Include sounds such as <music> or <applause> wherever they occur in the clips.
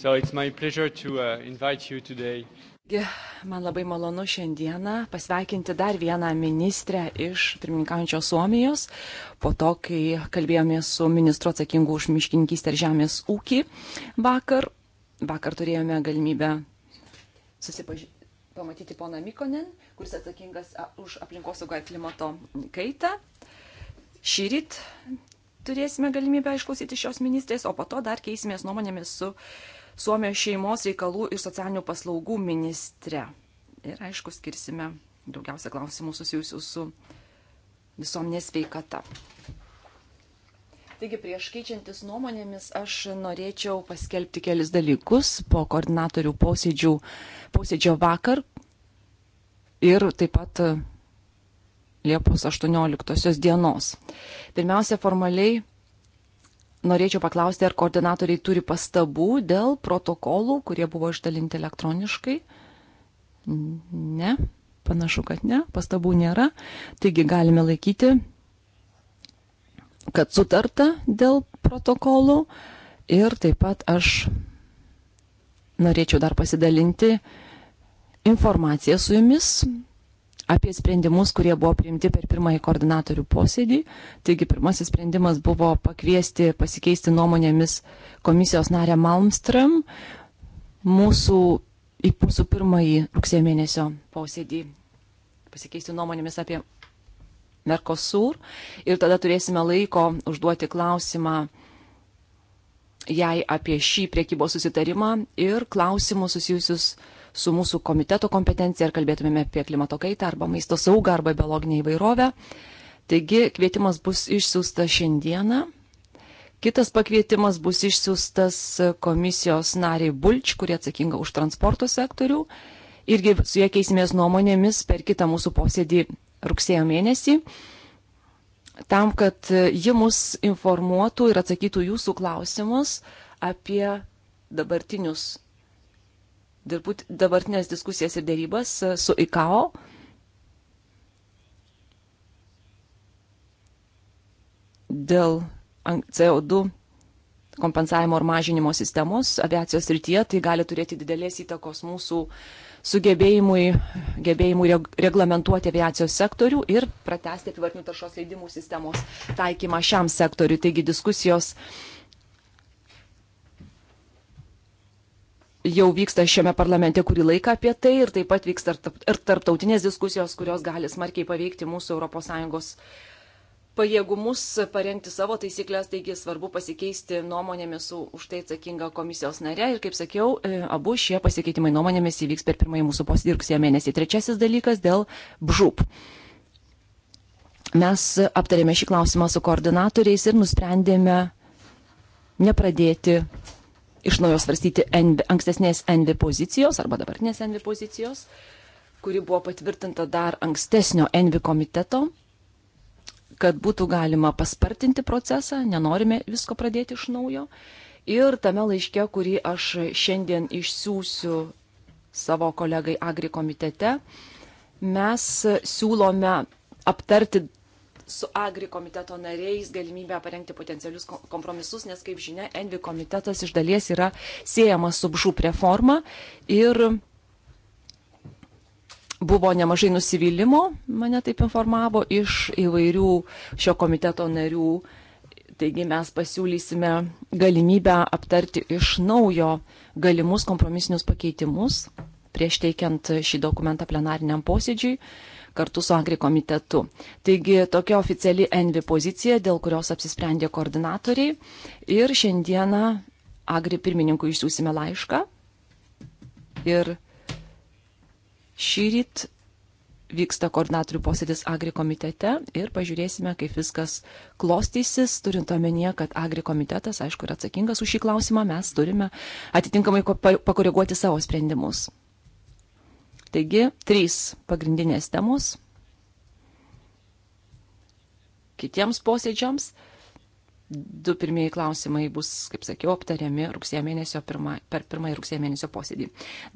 So it's my pleasure to uh, invite you today. Man labai malonu šiandieną pasveikinti dar vieną ministrę iš pirmininkaujančios Suomijos, po to, kai kalbėjome su ministru atsakingu už miškininkystę ir žemės ūkį vakar. Vakar turėjome galimybę susipažinti. Pamatyti poną Mikonen, kuris atsakingas už aplinkosaugą ir klimato kaitą. Šį rytą turėsime galimybę išklausyti šios ministrės, o po to dar keisimės nuomonėmis su uh, Suomijos šeimos reikalų ir socialinių paslaugų ministre. Ir aišku, skirsime daugiausia klausimų susijusių su visuomenės veikata. Taigi prieš keičiantis nuomonėmis aš norėčiau paskelbti kelis dalykus po koordinatorių posėdžių, posėdžio vakar ir taip pat Liepos 18 dienos. Pirmiausia, formaliai norėčiau paklausti, ar koordinatoriai turi pastabų dėl protokolų, kurie buvo išdalinti elektroniškai. Ne, panašu, kad ne, pastabų nėra. Taigi galime laikyti, kad sutarta dėl protokolų. Ir taip pat aš norėčiau dar pasidalinti informaciją su jumis apie sprendimus, kurie buvo priimti per pirmąjį koordinatorių posėdį. Taigi pirmasis sprendimas buvo pakviesti pasikeisti nuomonėmis komisijos narę Malmström mūsų į mūsų pirmąjį rugsėjo mėnesio posėdį pasikeisti nuomonėmis apie Mercosur ir tada turėsime laiko užduoti klausimą jai apie šį priekybos susitarimą ir klausimus susijusius su su mūsų komiteto kompetencija, ar kalbėtumėme apie klimato kaitą, arba maisto saugą, arba biologinę įvairovę. Taigi kvietimas bus išsiųstas šiandieną. Kitas pakvietimas bus išsiųstas komisijos nariai Bulč, kurie atsakinga už transporto sektorių. Irgi su jie keisimės nuomonėmis per kitą mūsų posėdį rugsėjo mėnesį tam, kad ji mus informuotų ir atsakytų jūsų klausimus apie dabartinius dabartinės diskusijas ir dėrybas e, su ICAO. Dėl CO2 kompensavimo ir mažinimo sistemos aviacijos rytyje, tai gali turėti didelės įtakos mūsų sugebėjimui, gebėjimui reglamentuoti aviacijos sektorių ir pratesti apivartinių taršos leidimų sistemos taikymą šiam sektoriu. Taigi diskusijos uh, jau vyksta šiame parlamente kurį laiką apie tai ir taip pat vyksta ir tarptautinės diskusijos, kurios gali smarkiai paveikti mūsų ES pajėgumus parengti savo taisyklės, taigi svarbu pasikeisti nuomonėmis su už tai atsakinga komisijos nare ir, kaip sakiau, e, abu šie pasikeitimai nuomonėmis įvyks per pirmąjį mūsų posėdį rugsėjo mėnesį. Trečiasis dalykas dėl bžūp. Mes aptarėme šį klausimą su koordinatoriais ir nusprendėme nepradėti iš naujo svarstyti NB, ankstesnės NV pozicijos arba dabartinės NV pozicijos, kuri buvo patvirtinta dar ankstesnio NV komiteto, kad būtų galima paspartinti procesą, nenorime visko pradėti iš naujo. Ir tame laiške, kurį aš šiandien išsiųsiu savo kolegai Agri komitete, mes siūlome aptarti su Agri komiteto nariais galimybę parengti potencialius kompromisus, nes, kaip žinia, Envi komitetas iš dalies yra siejamas su BŽUP reforma ir buvo nemažai nusivylimų, mane taip informavo, iš įvairių šio komiteto narių. Taigi mes pasiūlysime galimybę aptarti iš naujo galimus kompromisinius pakeitimus prieš teikiant šį dokumentą plenariniam posėdžiui kartu su Agri komitetu. Taigi tokia oficiali Envi pozicija, dėl kurios apsisprendė koordinatoriai. Ir šiandieną Agri pirmininkui išsiųsime laišką. Ir šį rytą vyksta koordinatorių posėdis Agri komitete ir pažiūrėsime, kaip viskas klostysis, turint omenyje, kad Agri komitetas, aišku, yra atsakingas už šį klausimą, mes turime atitinkamai pakoreguoti savo sprendimus. Taigi, trys pagrindinės temos kitiems posėdžiams. Du pirmieji klausimai bus, kaip sakiau, aptariami rugsėjo mėnesio pirma, per pirmąjį rugsėjo mėnesio posėdį.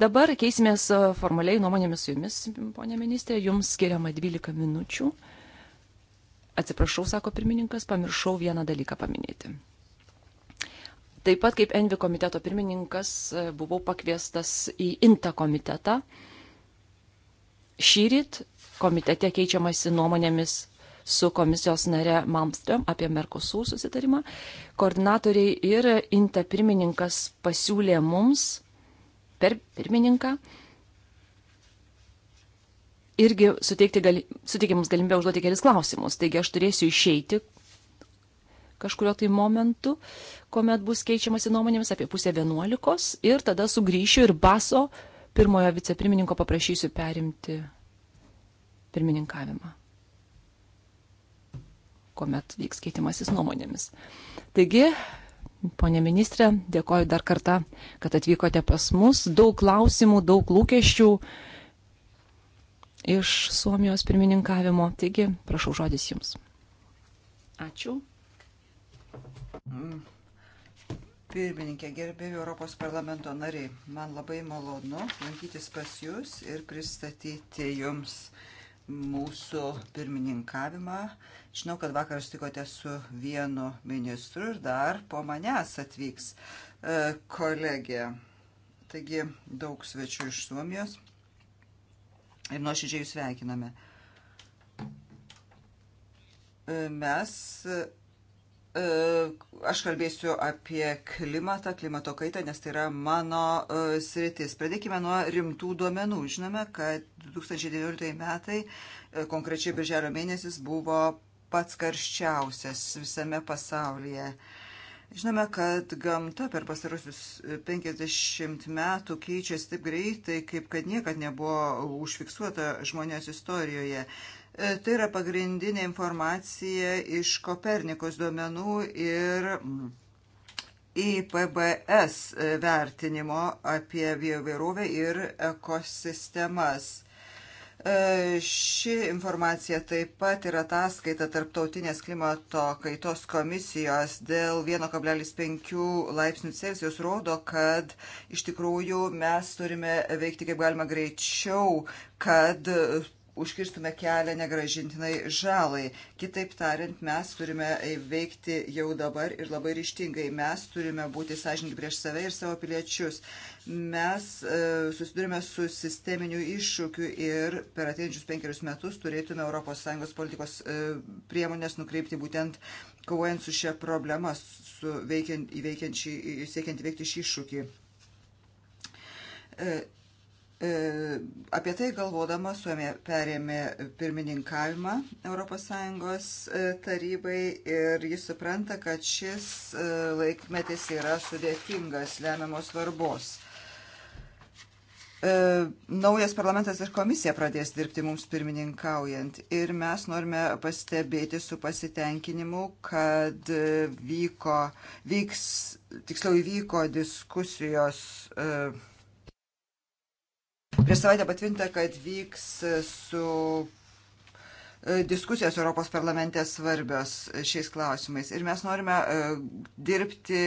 Dabar keisimės e, formaliai nuomonėmis su jumis, ponė ministrė, jums skiriama 12 minučių. Atsiprašau, sako pirmininkas, pamiršau vieną dalyką paminėti. Taip pat kaip Envi komiteto pirmininkas e, buvau pakviestas į INTA komitetą Šyrit komitete keičiamasi nuomonėmis su komisijos nare Malmström apie Merkosur susitarimą. Koordinatoriai ir Inta pirmininkas pasiūlė mums per pirmininką irgi suteikti gali, suteikė mums galimybę užduoti kelis klausimus. Taigi aš turėsiu išeiti kažkurio tai momentu, kuomet bus keičiamasi nuomonėmis apie pusę vienuolikos ir tada sugrįšiu ir baso pirmojo vicepirmininko paprašysiu perimti pirmininkavimą, kuomet vyks keitimasis nuomonėmis. Taigi, ponė ministrė, dėkoju dar kartą, kad atvykote pas mus. Daug klausimų, daug lūkesčių iš Suomijos pirmininkavimo. Taigi, prašau žodis jums. Ačiū. Mm pirmininkė, gerbėjai Europos parlamento nariai. Man labai malonu lankytis pas Jūs ir pristatyti Jums mūsų pirmininkavimą. Žinau, kad vakar sutikote su vienu ministru ir dar po manęs atvyks e, kolegė. Taigi daug svečių iš Suomijos ir nuoširdžiai jūs sveikiname. E, mes E, aš kalbėsiu apie klimatą, klimato kaitą, nes tai yra mano e, sritis. Pradėkime nuo rimtų duomenų. Žinome, kad 2019 metai, e, konkrečiai birželio mėnesis, buvo pats karščiausias visame pasaulyje. Žinome, kad gamta per pastarusius 50 metų keičiasi taip greitai, kaip kad niekad nebuvo užfiksuota žmonės istorijoje. E, tai yra pagrindinė informacija iš Kopernikos duomenų ir IPBS e, vertinimo apie bioįvairovę ir ekosistemas. E, ši informacija taip pat yra ataskaita Tarptautinės klimato kaitos komisijos dėl 1,5 laipsnių Celsijos rodo, kad iš tikrųjų mes turime veikti kaip galima greičiau, kad užkirstume kelią negražintinai žalai. Kitaip tariant, mes turime veikti jau dabar ir labai ryštingai. Mes turime būti sąžininkai prieš save ir savo piliečius. Mes e, susidurime su sisteminiu iššūkiu ir per ateinančius penkerius metus turėtume ES politikos e, priemonės nukreipti būtent kovojant su šia problema, su veikiant, įveikiant šį, siekiant įveikti šį iššūkį. E, E, apie tai galvodama Suomija perėmė pirmininkavimą ES e, tarybai ir jis supranta, kad šis e, laikmetis yra sudėtingas, lemiamos svarbos. Naujas parlamentas ir komisija pradės dirbti mums pirmininkaujant ir mes norime pastebėti su pasitenkinimu, kad vyko, vyks, tiksliau įvyko diskusijos uh, Prieš savaitę patvirtinta, kad vyks su e, diskusijos Europos parlamente svarbios šiais klausimais. Ir mes norime e, dirbti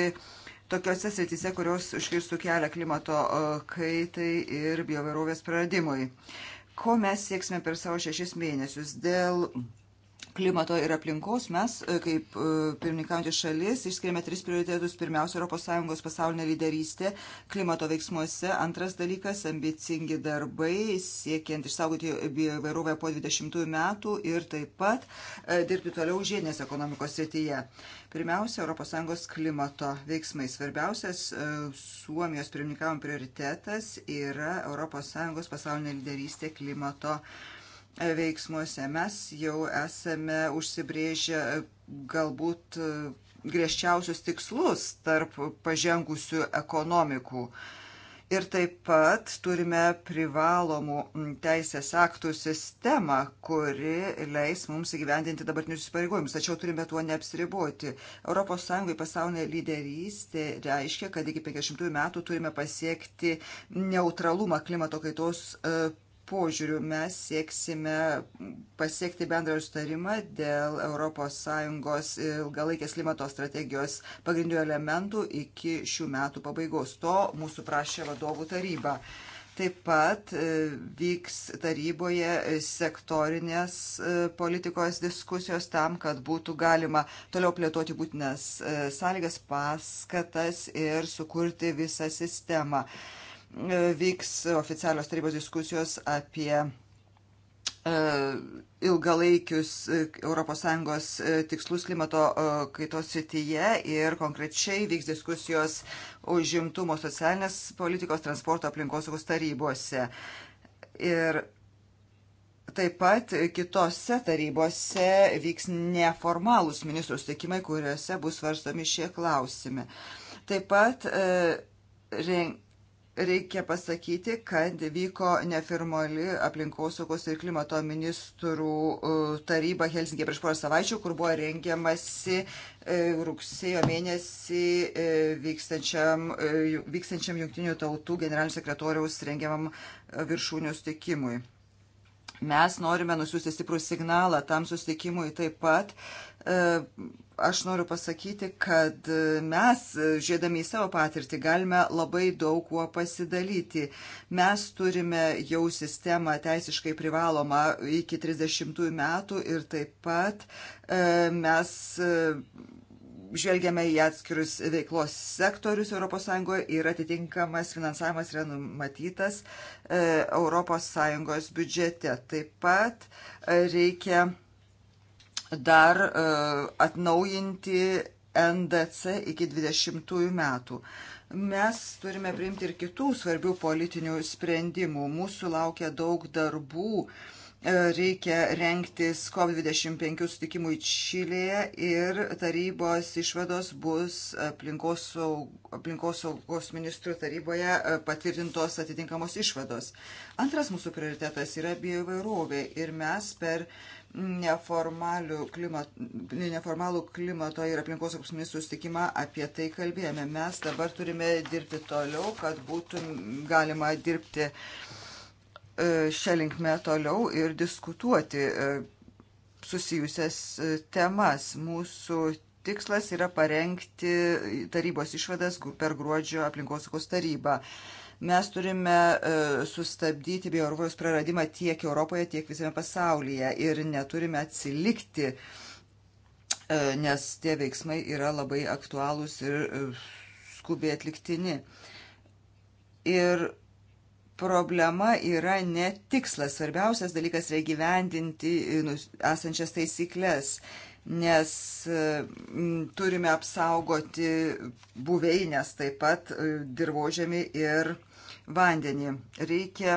tokiuose srityse, kurios užkirstų kelią klimato e, kaitai ir bioverovės praradimui. Ko mes sieksime per savo šešis mėnesius dėl klimato ir aplinkos mes, e, kaip e, pirmininkaujantis šalis, išskiriame tris prioritetus. Pirmiausia, ES pasaulinė lyderystė klimato veiksmuose. Antras dalykas - ambicingi darbai, siekiant išsaugoti įvairovę po 20 metų ir taip pat e, dirbti toliau žiedinės ekonomikos srityje. Pirmiausia, ES klimato veiksmai. Svarbiausias Suomijos pirmininkavimo prioritetas yra ES pasaulinė lyderystė klimato veiksmuose veiksmuose. Mes jau esame užsibrėžę galbūt e, griežčiausius tikslus tarp pažengusių ekonomikų. Ir taip pat turime privalomų teisės aktų sistemą, kuri leis mums įgyvendinti dabartinius įsipareigojimus. Tačiau turime tuo neapsiriboti. ES pasaulyje lyderystė reiškia, kad iki 50 metų turime pasiekti neutralumą klimato kaitos e, požiūrių mes sieksime pasiekti bendrą sutarimą dėl ES ilgalaikės klimato strategijos pagrindinių elementų iki šių metų pabaigos. To mūsų prašė vadovų taryba. Taip pat e, vyks taryboje sektorinės e, politikos diskusijos tam, kad būtų galima toliau plėtoti būtinas e, sąlygas, paskatas ir sukurti visą sistemą vyks oficialios tarybos diskusijos apie e, ilgalaikius ES e, tikslus klimato e, kaitos srityje ir konkrečiai vyks diskusijos užimtumo socialinės politikos transporto aplinkosaugos tarybose. Ir taip pat kitose tarybose vyks neformalūs ministrų sutikimai, kuriuose bus svarstomi šie klausimai. Taip pat e, reikia pasakyti, kad vyko neformali aplinkosaugos ir klimato ministrų e, taryba Helsinkė prieš porą savaičių, kur buvo rengiamasi e, rugsėjo mėnesį e, vykstančiam, vykstančiam jungtinių tautų generalinio sekretoriaus rengiamam viršūnių sutikimui. Mes norime nusiųsti stiprų signalą tam sustikimui taip pat aš noriu pasakyti, kad mes, žiūrėdami į savo patirtį, galime labai daug kuo pasidalyti. Mes turime jau sistemą teisiškai privalomą iki 30 metų ir taip pat e, mes e, žvelgiame į atskirius veiklos sektorius ES ir atitinkamas finansavimas yra numatytas ES biudžete. Taip pat e, reikia dar e, atnaujinti NDC iki 20 metų. Mes turime priimti ir kitų svarbių politinių sprendimų. Mūsų laukia daug darbų. E, reikia renktis COP25 sutikimui Čilėje ir tarybos išvados bus aplinkos, saug, aplinkos saugos ministrų taryboje e, patvirtintos atitinkamos išvados. Antras mūsų prioritetas yra bioįvairovė ir mes per uh, klimato, neformalų klimato ir aplinkos apsmis sustikimą apie tai kalbėjome. Mes dabar turime dirbti toliau, kad būtų galima dirbti e, šią linkmę toliau ir diskutuoti e, susijusias e, temas. Mūsų tikslas yra parengti tarybos išvadas per gruodžio aplinkosaugos tarybą. Mes turime e, sustabdyti bioįvairovės praradimą tiek Europoje, tiek visame pasaulyje ir neturime atsilikti, e, nes tie veiksmai yra labai aktualūs ir e, skubiai atliktini. Ir problema yra ne tikslas, svarbiausias dalykas yra gyvendinti nu, esančias taisyklės nes e, turime apsaugoti buveinės taip pat e, dirbožėmį ir vandenį. Reikia,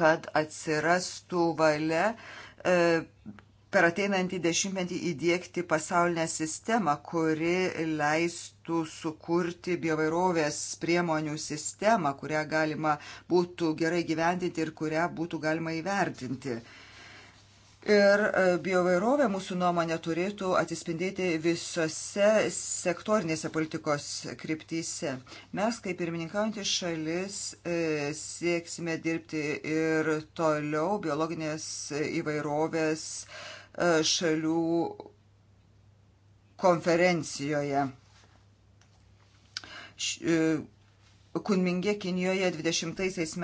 kad atsirastų valia e, per ateinantį dešimtmetį įdėkti pasaulinę sistemą, kuri leistų sukurti biovairovės priemonių sistemą, kurią galima būtų gerai gyventinti ir kurią būtų galima įvertinti. Uh, Ir e, biovairovė mūsų nuomonė turėtų atsispindėti visose sektorinėse politikos kryptyse. Mes, kaip pirmininkaujantis šalis, e, sieksime dirbti ir toliau biologinės įvairovės e, šalių konferencijoje Kunmingė Kinijoje 20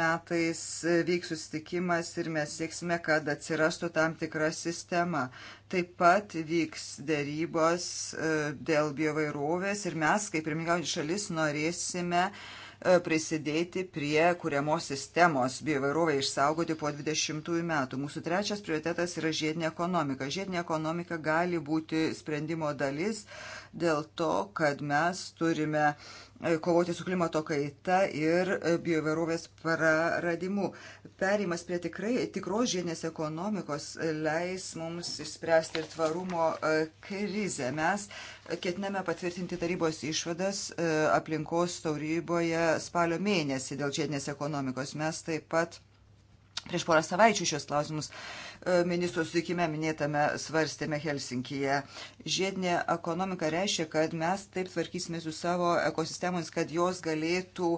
metais e, vyks susitikimas ir mes sieksime, kad atsirastų tam tikra sistema. Taip pat vyks dėrybos e, dėl biovairovės ir mes, kaip pirmininkaujantis šalis, norėsime e, prisidėti prie kuriamos sistemos biovairovai išsaugoti po 20 metų. Mūsų trečias prioritetas yra žiedinė ekonomika. Žiedinė ekonomika gali būti sprendimo dalis dėl to, kad mes turime kovoti su klimato kaita ir e, bioverovės praradimu. Perimas prie tikrai, tikros žiedinės ekonomikos leis mums išspręsti ir tvarumo e, krizę. Mes ketiname patvirtinti tarybos išvadas e, aplinkos tauryboje spalio mėnesį dėl žiedinės ekonomikos. Mes taip pat Prieš porą savaičių šios klausimus e, ministro sutikime minėtame svarstėme Helsinkyje. Žiedinė ekonomika reiškia, kad mes taip tvarkysime su savo ekosistemomis, kad jos galėtų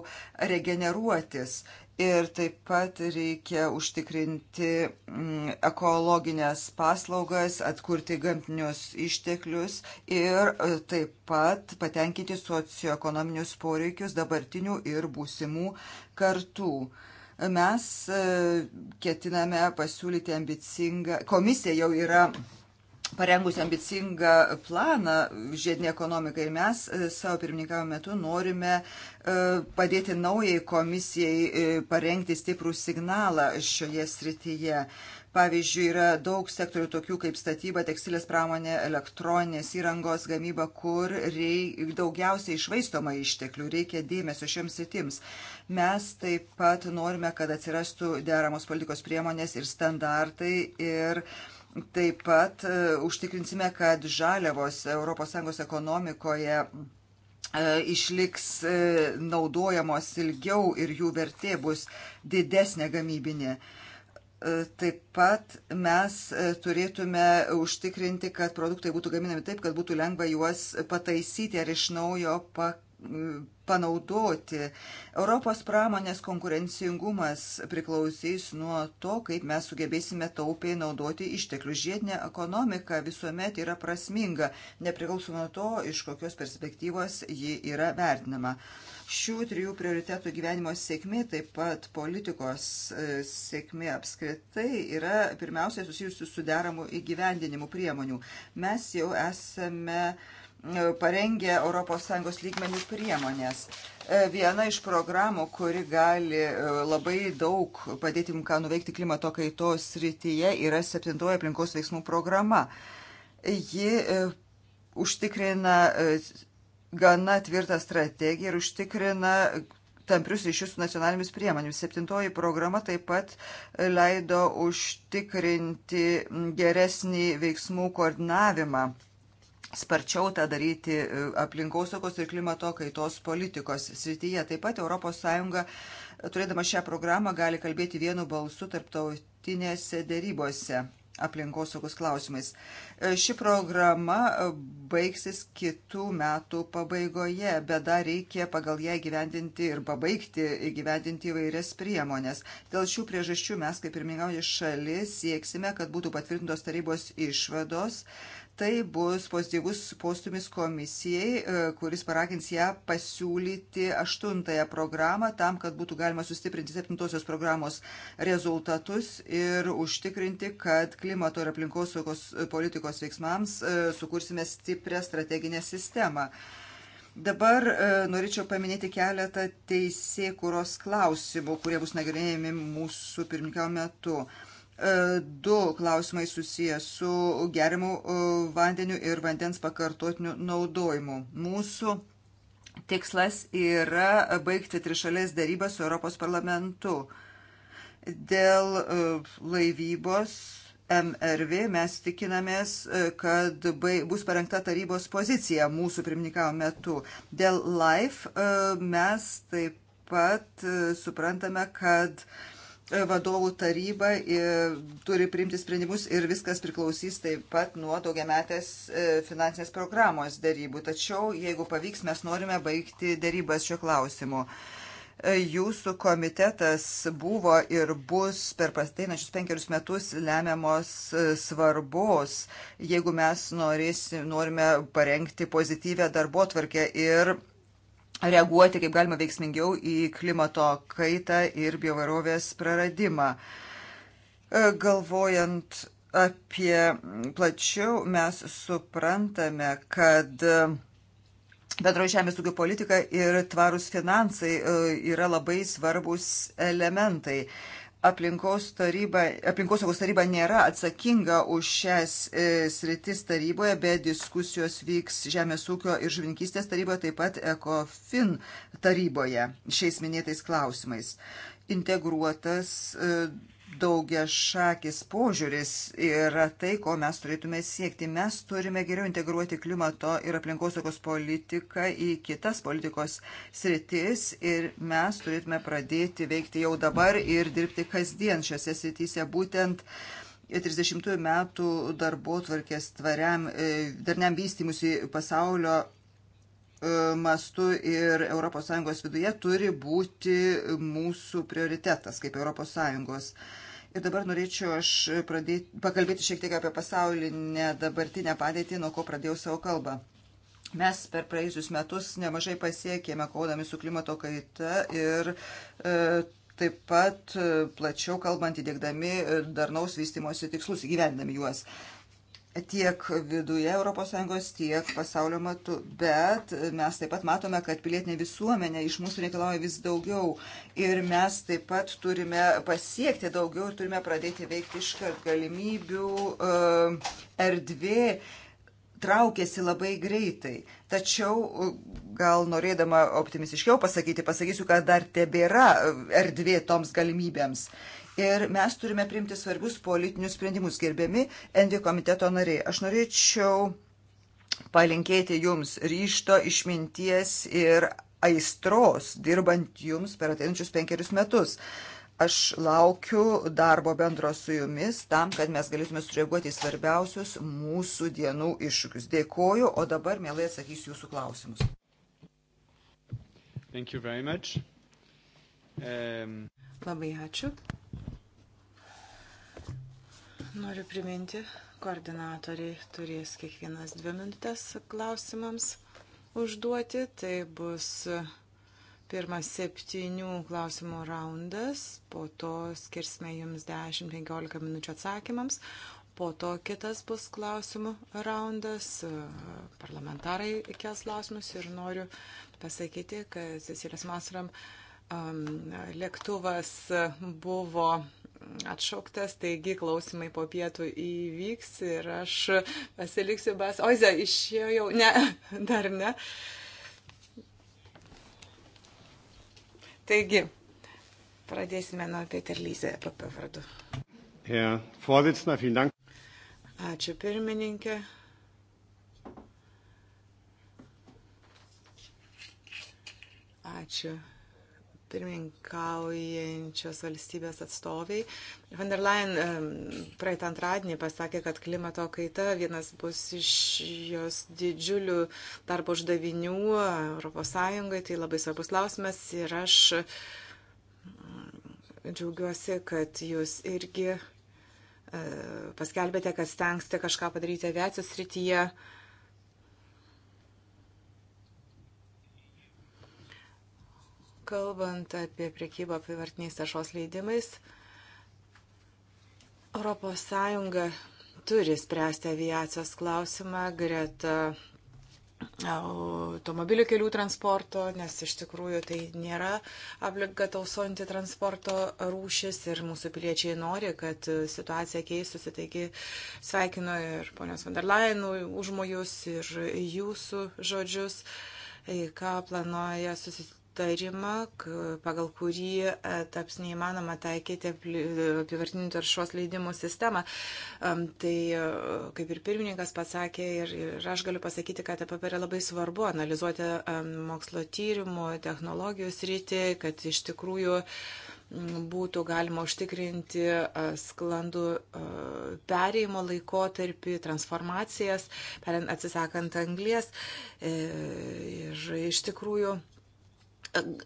regeneruotis. Ir taip pat reikia užtikrinti mm, ekologinės paslaugas, atkurti gamtinius išteklius ir e, taip pat patenkinti socioekonominius poreikius dabartinių ir būsimų kartų. Mes e, ketiname pasiūlyti ambicingą, komisija jau yra parengusi ambicingą planą žiedinė ekonomika ir mes e, savo pirmininkavimo metu norime e, padėti naujai komisijai parengti stiprų signalą šioje srityje. Pavyzdžiui, yra daug sektorių tokių kaip statyba, tekstilės pramonė, elektroninės įrangos gamyba, kur reik, daugiausiai išvaistoma išteklių, reikia dėmesio šiems sritims. Mes taip pat norime, kad atsirastų deramos politikos priemonės ir standartai ir taip pat uh, užtikrinsime, kad žaliavos ES ekonomikoje e, išliks e, naudojamos ilgiau ir jų vertė bus didesnė gamybinė. Uh, E, taip pat mes e, turėtume užtikrinti, kad produktai būtų gaminami taip, kad būtų lengva juos pataisyti ar iš naujo pa, panaudoti. Europos pramonės konkurencingumas priklausys nuo to, kaip mes sugebėsime taupiai naudoti išteklius. Žiedinė ekonomika visuomet yra prasminga, nepriklausomai nuo to, iš kokios perspektyvos ji yra vertinama. Uh, Šių trijų prioritetų gyvenimo sėkmė, taip pat politikos e, sėkmė apskritai, yra pirmiausiai susijusi su deramu įgyvendinimu priemonių. Mes jau esame e, parengė ES lygmenių priemonės. E, viena iš programų, kuri gali labai daug padėti mums ką nuveikti klimato kaitos rytyje, yra septintoji aplinkos veiksmų programa. Ji užtikrina gana tvirtą strategiją ir užtikrina tamprius ryšius su nacionalinėmis priemonėmis. Septintoji programa taip pat leido užtikrinti geresnį veiksmų koordinavimą, sparčiau tą daryti e, aplinkosaugos ir klimato kaitos politikos srityje. Taip pat ES turėdama šią programą gali kalbėti vienu balsu tarptautinėse dėrybose aplinkosaugos klausimais. E, ši programa e, baigsis kitų metų pabaigoje, bet dar reikia pagal ją gyvendinti ir pabaigti gyvendinti įvairias priemonės. Dėl šių priežasčių mes, kaip pirmininkauja šalis, sieksime, kad būtų patvirtintos tarybos išvados tai bus pozityvus postumis komisijai, e, kuris paragins ją pasiūlyti aštuntąją programą tam, kad būtų galima sustiprinti septintosios programos rezultatus ir užtikrinti, kad klimato ir aplinkosaugos politikos veiksmams e, sukursime stiprią strateginę sistemą. Dabar e, norėčiau paminėti keletą teisėkuros klausimų, kurie bus nagrinėjami mūsų pirmininkio metu. E, du klausimai susijęs su gerimu e, vandeniu ir vandens pakartotiniu naudojimu. Mūsų tikslas yra baigti trišalės darybą su Europos parlamentu. Dėl e, laivybos MRV mes tikinamės, kad bus parengta tarybos pozicija mūsų pirmininkavo metu. Dėl LIFE mes taip pat suprantame, kad uh, E, vadovų taryba turi priimti sprendimus ir viskas priklausys taip pat nuo daugiametės e, finansinės programos darybų. Tačiau, jeigu pavyks, mes norime baigti darybas šiuo klausimu. E, jūsų komitetas buvo ir bus per pasteinačius penkerius metus lemiamos svarbos, jeigu mes norėsim, norime parengti pozityvę darbo tvarkę ir reaguoti kaip galima veiksmingiau į klimato kaitą ir biovarovės praradimą. E, galvojant apie plačiau, mes suprantame, kad e, bendroji žemės ūkio politika ir tvarūs finansai e, yra labai svarbus elementai aplinkos taryba, aplinkosaugos taryba nėra atsakinga už šias e, sritis taryboje, bet diskusijos vyks Žemės ūkio ir žuvinkystės taryboje, taip pat ECOFIN taryboje šiais minėtais klausimais. Integruotas e, daugia šakis požiūris yra tai, ko mes turėtume siekti. Mes turime geriau integruoti klimato ir aplinkosaugos politiką į kitas politikos sritis ir mes turėtume pradėti veikti jau dabar ir dirbti kasdien šiose srityse būtent. 30 metų darbo tvarkės tvariam, e, darniam vystimusi pasaulio e, mastu ir ES viduje turi būti mūsų prioritetas kaip ES. Ir dabar norėčiau aš pradėti, pakalbėti šiek tiek apie pasaulinę dabartinę padėtį, nuo ko pradėjau savo kalbą. Mes per praėjusius metus nemažai pasiekėme kaudami su klimato kaita ir e, taip pat e, plačiau kalbant įdėkdami e, darnaus vystimosi tikslus, įgyvendami juos. E, tiek viduje ES, tiek pasaulio matu. Bet mes taip pat matome, kad pilietinė visuomenė iš mūsų reikalauja vis daugiau. Ir mes taip pat turime pasiekti daugiau ir turime pradėti veikti iškart galimybių e, erdvė traukėsi labai greitai. Tačiau, e, gal norėdama optimistiškiau pasakyti, pasakysiu, kad dar tebėra e, erdvė toms galimybėms. Uh, ir mes turime priimti svarbius politinius sprendimus, gerbiami NV komiteto nariai. Aš norėčiau palinkėti jums ryšto, išminties ir aistros, dirbant jums per ateinančius penkerius metus. Aš laukiu darbo bendro su jumis tam, kad mes galėtume sureaguoti į svarbiausius mūsų dienų iššūkius. Dėkoju, o dabar mielai atsakysiu jūsų klausimus. Um... Labai ačiū. Noriu priminti, koordinatoriai turės kiekvienas dvi minutės klausimams užduoti. Tai bus pirmas septynių klausimų raundas, po to skirsime jums 10-15 minučių atsakymams, po to kitas bus klausimų raundas, parlamentarai kels klausimus ir noriu pasakyti, kad Cecilijos Masram um, lėktuvas buvo atšauktas, taigi klausimai po pietų įvyks ir aš pasiliksiu bas. Oize, išėjo jau, ne, <laughs> dar ne. Taigi, pradėsime nuo Peterlyze PP vardu. Ačiū pirmininkė. Ačiū pirmininkaujančios valstybės atstoviai. Van der Leyen praeitą antradienį pasakė, kad klimato kaita vienas bus iš jos didžiulių darbo uždavinių ES, tai labai svarbus klausimas ir aš mm, džiaugiuosi, kad jūs irgi e, paskelbėte, kad stengsite kažką padaryti aviacijos srityje. Uh, Kalbant apie priekybą apivartiniais taršos leidimais, ES turi spręsti aviacijos klausimą greta automobilių kelių transporto, nes iš tikrųjų tai nėra aplinką tausojanti transporto rūšis ir mūsų piliečiai nori, kad situacija keistusi. Taigi sveikinu ir ponios van der Leyen užmojus ir jūsų žodžius ką planuoja susitikti susitarimą, pagal kurį e, taps neįmanoma taikyti apivartinių taršos leidimų sistemą. Tai, e, kaip ir pirmininkas pasakė, ir, ir aš galiu pasakyti, kad EPP yra labai svarbu analizuoti mokslo tyrimų, technologijų sritį, kad iš tikrųjų būtų galima užtikrinti e, sklandų perėjimo laikotarpį, transformacijas, atsisakant anglės. Ir iš tikrųjų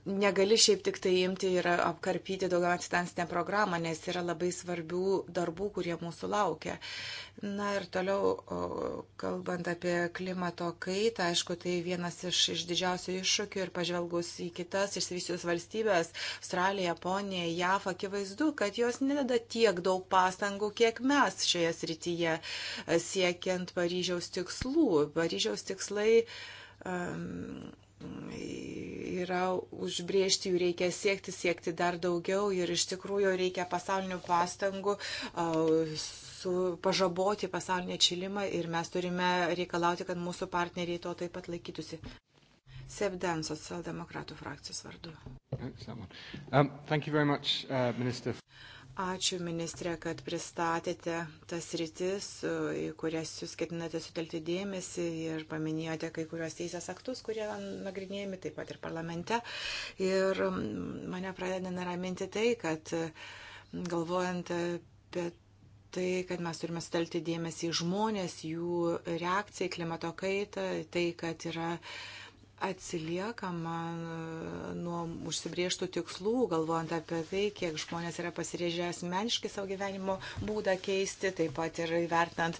negali šiaip tik tai imti ir apkarpyti daugiau finansinę programą, nes yra labai svarbių darbų, kurie mūsų laukia. Na ir toliau, kalbant apie klimato kaitą, aišku, tai vienas iš, iš didžiausių iššūkių ir pažvelgus į kitas išsivysius valstybės - Australiją, Japoniją, JAF, akivaizdu, kad jos nededa tiek daug pastangų, kiek mes šioje srityje siekiant Paryžiaus tikslų. Paryžiaus tikslai. Um, yra užbriežti, jų reikia siekti, siekti dar daugiau ir iš tikrųjų reikia pasaulinių pastangų su, pažaboti pasaulinį atšilimą ir mes turime reikalauti, kad mūsų partneriai to taip pat laikytųsi. Sebden, socialdemokratų frakcijos vardu. Um, much, uh, Ačiū, ministrė, kad pristatėte tas rytis, į kurias jūs ketinate sutelti dėmesį ir paminėjote kai kuriuos teisės aktus, kurie nagrinėjami taip pat ir parlamente. Ir mane pradeda neraminti tai, kad galvojant apie tai, kad mes turime stelti dėmesį į žmonės, jų reakciją į klimato kaitą, tai, kad yra uh, atsiliekama e, nuo užsibrieštų tikslų, galvojant apie tai, kiek žmonės yra pasirežę asmeniškai savo gyvenimo būdą keisti, taip pat ir įvertinant,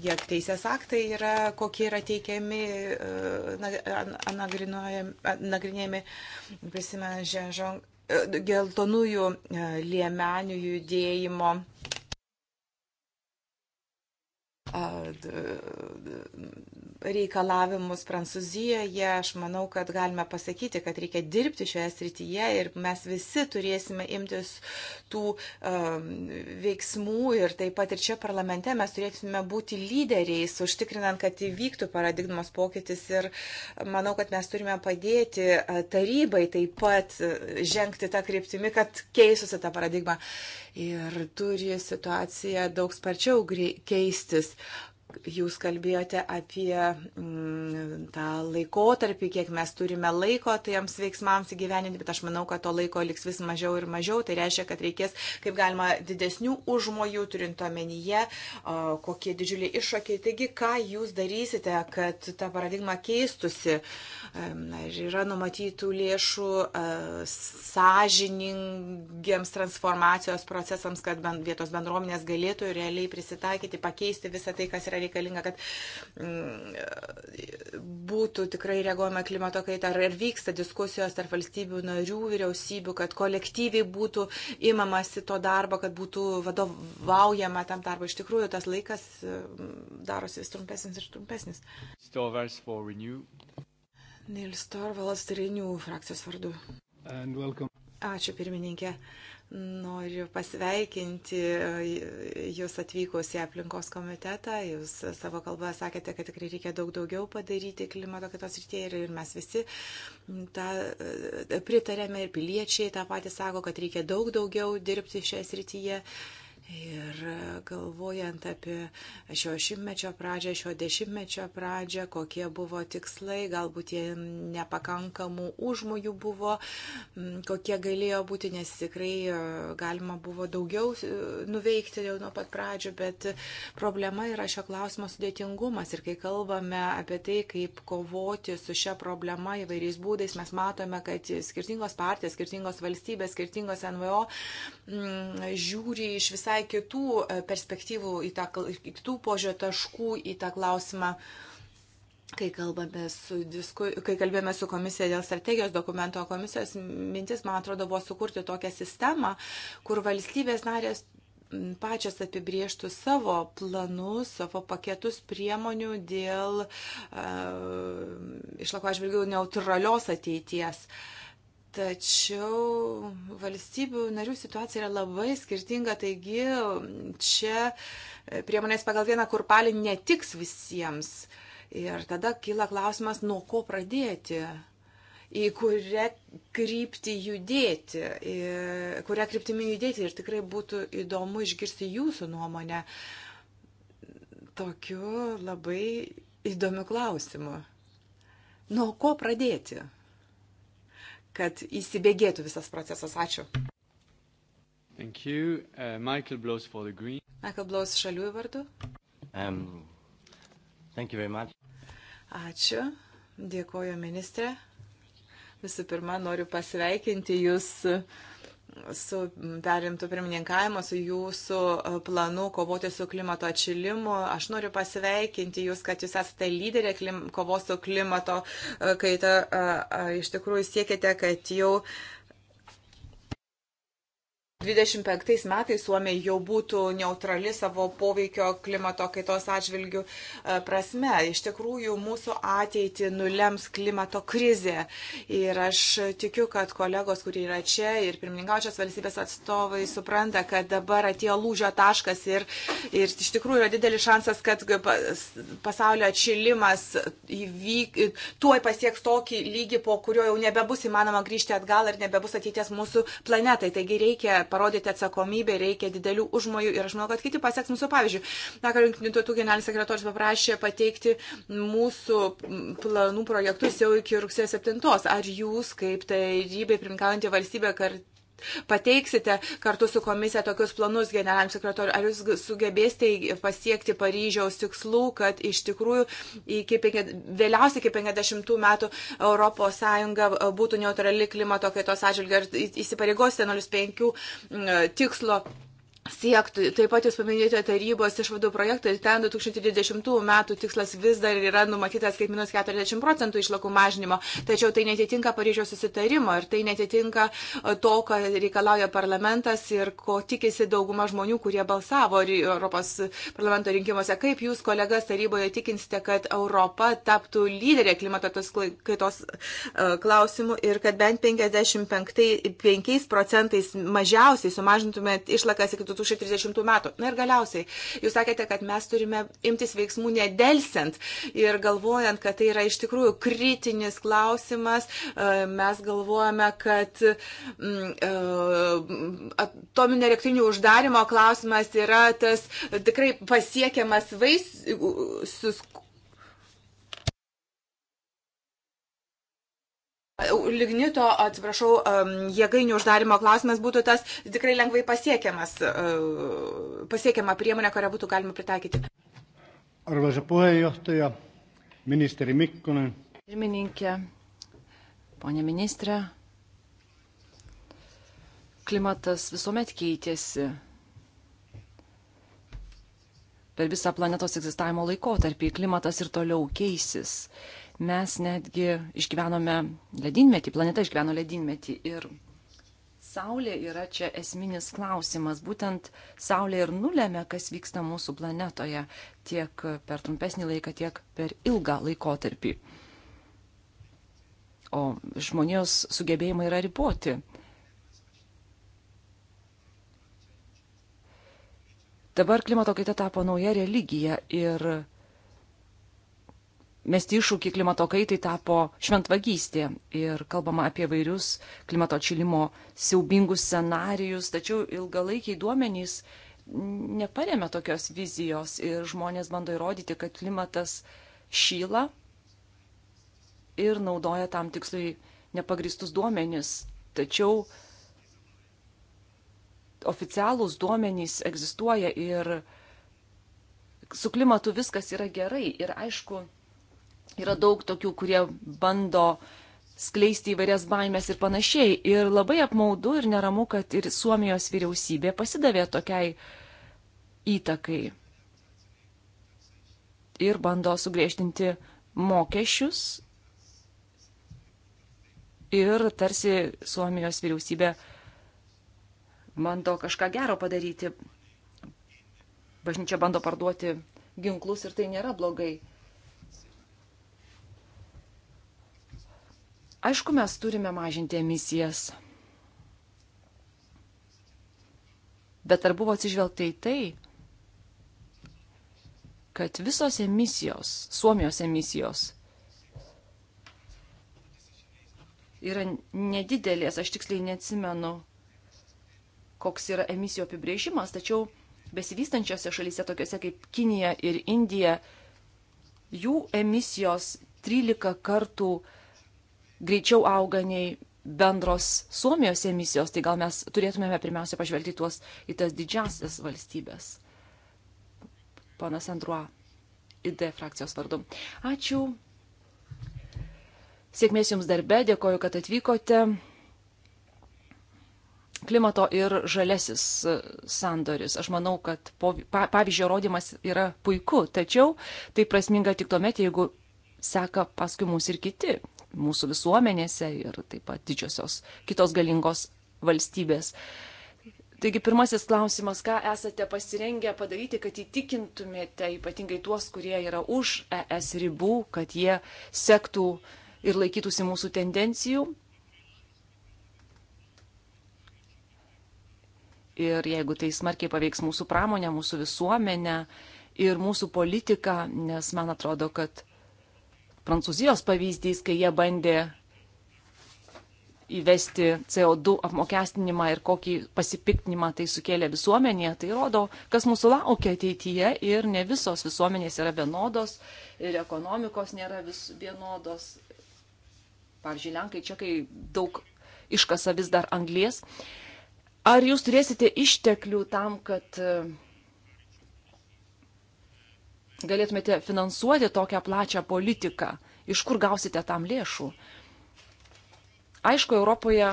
kiek teisės aktai yra, kokie yra teikiami, e, nagrinėjami, prisimena Žežon, geltonųjų e, liemenių judėjimo reikalavimus Prancūzijoje, aš manau, kad galime pasakyti, kad reikia dirbti šioje srityje ir mes visi turėsime imtis tų um, veiksmų ir taip pat ir čia parlamente mes turėsime būti lyderiais, užtikrinant, kad įvyktų paradigmos pokytis ir manau, kad mes turime padėti uh, tarybai taip pat uh, žengti tą kryptimį, kad keistųsi tą paradigmą ir turi situacija daug sparčiau keistis Jūs kalbėjote apie mm, tą laikotarpį, kiek mes turime laiko tiems veiksmams įgyveninti, bet aš manau, kad to laiko liks vis mažiau ir mažiau. Tai reiškia, kad reikės kaip galima didesnių užmojų, turint omenyje, o, kokie didžiuliai iššūkiai. Taigi, ką jūs darysite, kad ta paradigma keistusi? Ar yra numatytų lėšų sąžiningiams transformacijos procesams, kad vietos bendruomenės galėtų realiai prisitaikyti, pakeisti visą tai, kas yra yra reikalinga, kad mm, būtų tikrai reaguojama klimato kaita, ar, ar vyksta diskusijos tarp valstybių narių, vyriausybių, kad kolektyviai būtų imamasi to darbo, kad būtų vadovaujama tam darbo. Iš tikrųjų, tas laikas mm, darosi vis trumpesnis ir trumpesnis. Nils Torvalas Renew frakcijos vardu. Ačiū pirmininkė. Noriu pasveikinti e, Jūs atvykus į aplinkos komitetą. Jūs savo kalbą sakėte, kad tikrai reikia daug daugiau padaryti klimato kitos rytėje ir mes visi tą e, pritarėme ir piliečiai tą patį sako, kad reikia daug daugiau dirbti šioje srityje. Ir e, galvojant apie šio šimtmečio pradžią, šio dešimtmečio pradžią, kokie buvo tikslai, galbūt jie nepakankamų užmojų buvo, kokie galėjo būti, nes tikrai e, galima buvo daugiau e, nuveikti jau nuo pat pradžių, bet problema yra šio klausimo sudėtingumas. Ir kai kalbame apie tai, kaip kovoti su šia problema įvairiais būdais, mes matome, kad skirtingos partijos, skirtingos valstybės, skirtingos NVO m, žiūri iš visai visai kitų e, perspektyvų, tą, kitų požiūrio taškų į tą klausimą. Kai, su disku, kai kalbėjome su komisija dėl strategijos dokumento, komisijos mintis, man atrodo, buvo sukurti tokią sistemą, kur valstybės narės pačios apibrieštų savo planus, savo paketus priemonių dėl, e, išlako aš vilgiau, neutralios ateities. E, Tačiau valstybių narių situacija yra labai skirtinga, taigi čia e, priemonės pagal vieną kurpalį netiks visiems. Ir tada kyla klausimas, nuo ko pradėti, į kurią kryptį judėti, kurią kryptimį judėti. Ir tikrai būtų įdomu išgirsti jūsų nuomonę tokiu labai įdomiu klausimu. Nuo ko pradėti? kad įsibėgėtų visas procesas. Ačiū. Thank you. Uh, Michael Blows for the Green. Michael Blows šaliųjų vardu. Um, thank you very much. Ačiū. Dėkoju ministrė. Visų pirma, noriu pasveikinti jūs. Uh, su perimtų pirmininkavimo, su jūsų e, planu kovoti su klimato atšilimu. Aš noriu pasveikinti jūs, kad jūs esate lyderė klim, kovos su klimato e, kaita. E, iš tikrųjų siekite, kad jau uh, 25 metais Suomija jau būtų neutrali savo poveikio klimato kaitos atžvilgių e, prasme. Iš tikrųjų, mūsų ateitį nulems klimato krizė. Ir aš tikiu, kad kolegos, kurie yra čia ir pirmininkaučios valstybės atstovai, supranta, kad dabar atėjo lūžio taškas ir, ir iš tikrųjų yra didelis šansas, kad pasaulio atšilimas įvyk, tuoj pasieks tokį lygį, po kurio jau nebebus įmanoma grįžti atgal ir nebebus ateities mūsų planetai. Taigi reikia parodyti atsakomybę, reikia didelių užmojų ir aš manau, kad kiti pasieks mūsų pavyzdžių. Vakar Junktinių tautų generalinis sekretorius paprašė pateikti mūsų planų projektus jau iki rugsėjo 7. Ar jūs, kaip tarybai primkaujantį valstybę, kartu pateiksite kartu su komisija tokius planus generaliniam sekretoriui, ar jūs sugebėsite pasiekti Paryžiaus tikslų, kad iš tikrųjų iki, vėliausiai iki 50 metų ES būtų neutrali klimato kaitos atžvilgiu, ar įsipareigosite 05 tikslo siektų. Taip pat jūs paminėjote tarybos išvadų projektą ir ten 2020 metų tikslas vis dar yra numatytas kaip minus 40 procentų išlakų mažinimo, tačiau tai netitinka Paryžiaus susitarimo ir tai netitinka e, to, ką reikalauja parlamentas ir ko tikisi dauguma žmonių, kurie balsavo Europos parlamento rinkimuose. Kaip jūs, kolegas taryboje, tikinsite, kad Europa taptų lyderė klimato kaitos e, klausimų ir kad bent 55 procentais mažiausiai sumažintumėt išlakas iki 2030 metų. Na ir galiausiai, jūs sakėte, kad mes turime imtis veiksmų nedelsiant ir galvojant, kad tai yra iš tikrųjų kritinis klausimas, e, mes galvojame, kad mm, e, atominio elektrinių uždarimo klausimas yra tas tikrai pasiekiamas vaisius, Lignito, atsiprašau, um, jėgainių uždarimo klausimas būtų tas tikrai lengvai pasiekiamas, uh, pasiekiama priemonė, kurią būtų galima pritaikyti. Arvoisa puheenjohtaja, ministeri Mikkonen. Pirmininkė, ponė ministrė, klimatas visuomet keitėsi per visą planetos egzistavimo laikotarpį klimatas ir toliau keisis. Mes netgi išgyvenome ledynmetį, planeta išgyveno ledynmetį ir Saulė yra čia esminis klausimas. Būtent Saulė ir nulėmė, kas vyksta mūsų planetoje tiek per trumpesnį laiką, tiek per ilgą laikotarpį. O žmonijos sugebėjimai yra riboti. Dabar klimato kaita tapo nauja religija ir mesti iššūkį klimato kaitai tapo šventvagystė ir kalbama apie vairius klimato atšilimo siaubingus scenarius, tačiau ilgalaikiai duomenys neparemia tokios vizijos ir žmonės bando įrodyti, kad klimatas šyla ir naudoja tam tikslai nepagristus duomenys. Tačiau oficialūs duomenys egzistuoja ir su klimatu viskas yra gerai ir aišku, Yra daug tokių, kurie bando skleisti įvairias baimės ir panašiai. Ir labai apmaudu ir neramu, kad ir Suomijos vyriausybė pasidavė tokiai įtakai ir bando sugriežtinti mokesčius. Ir tarsi Suomijos vyriausybė bando kažką gero padaryti. Bažnyčia bando parduoti ginklus ir tai nėra blogai. Aišku, mes turime mažinti emisijas. Bet ar buvo atsižvelgta į tai, kad visos emisijos, Suomijos emisijos, yra nedidelės, aš tiksliai neatsimenu, koks yra emisijų apibrėžimas, tačiau besivystančiose šalyse, tokiuose kaip Kinija ir Indija, jų emisijos 13 kartų uh, greičiau auga nei bendros Suomijos emisijos, tai gal mes turėtumėme pirmiausia pažvelgti tuos į tas didžiasias valstybės. Ponas Andruo, ID frakcijos vardu. Ačiū. Sėkmės Jums darbe, dėkoju, kad atvykote. Klimato ir žalesis sandoris. Aš manau, kad pavyzdžio rodimas yra puiku, tačiau tai prasminga tik tuomet, jeigu seka paskui mus ir kiti mūsų visuomenėse ir taip pat didžiosios kitos galingos valstybės. Taigi pirmasis klausimas, ką esate pasirengę padaryti, kad įtikintumėte ypatingai tuos, kurie yra už ES ribų, kad jie sektų ir laikytųsi mūsų tendencijų. Ir jeigu tai smarkiai paveiks mūsų pramonę, mūsų visuomenę ir mūsų politiką, nes man atrodo, kad Prancūzijos pavyzdys, kai jie bandė įvesti CO2 apmokestinimą ir kokį pasipiktinimą tai sukėlė visuomenėje, tai rodo, kas mūsų laukia ateityje ir ne visos visuomenės yra vienodos ir ekonomikos nėra vis vienodos. Pavyzdžiui, Lenkai, Čekai daug iškasa vis dar anglies. Ar jūs turėsite išteklių tam, kad uh, galėtumėte finansuoti tokią plačią politiką? Iš kur gausite tam lėšų? Aišku, Europoje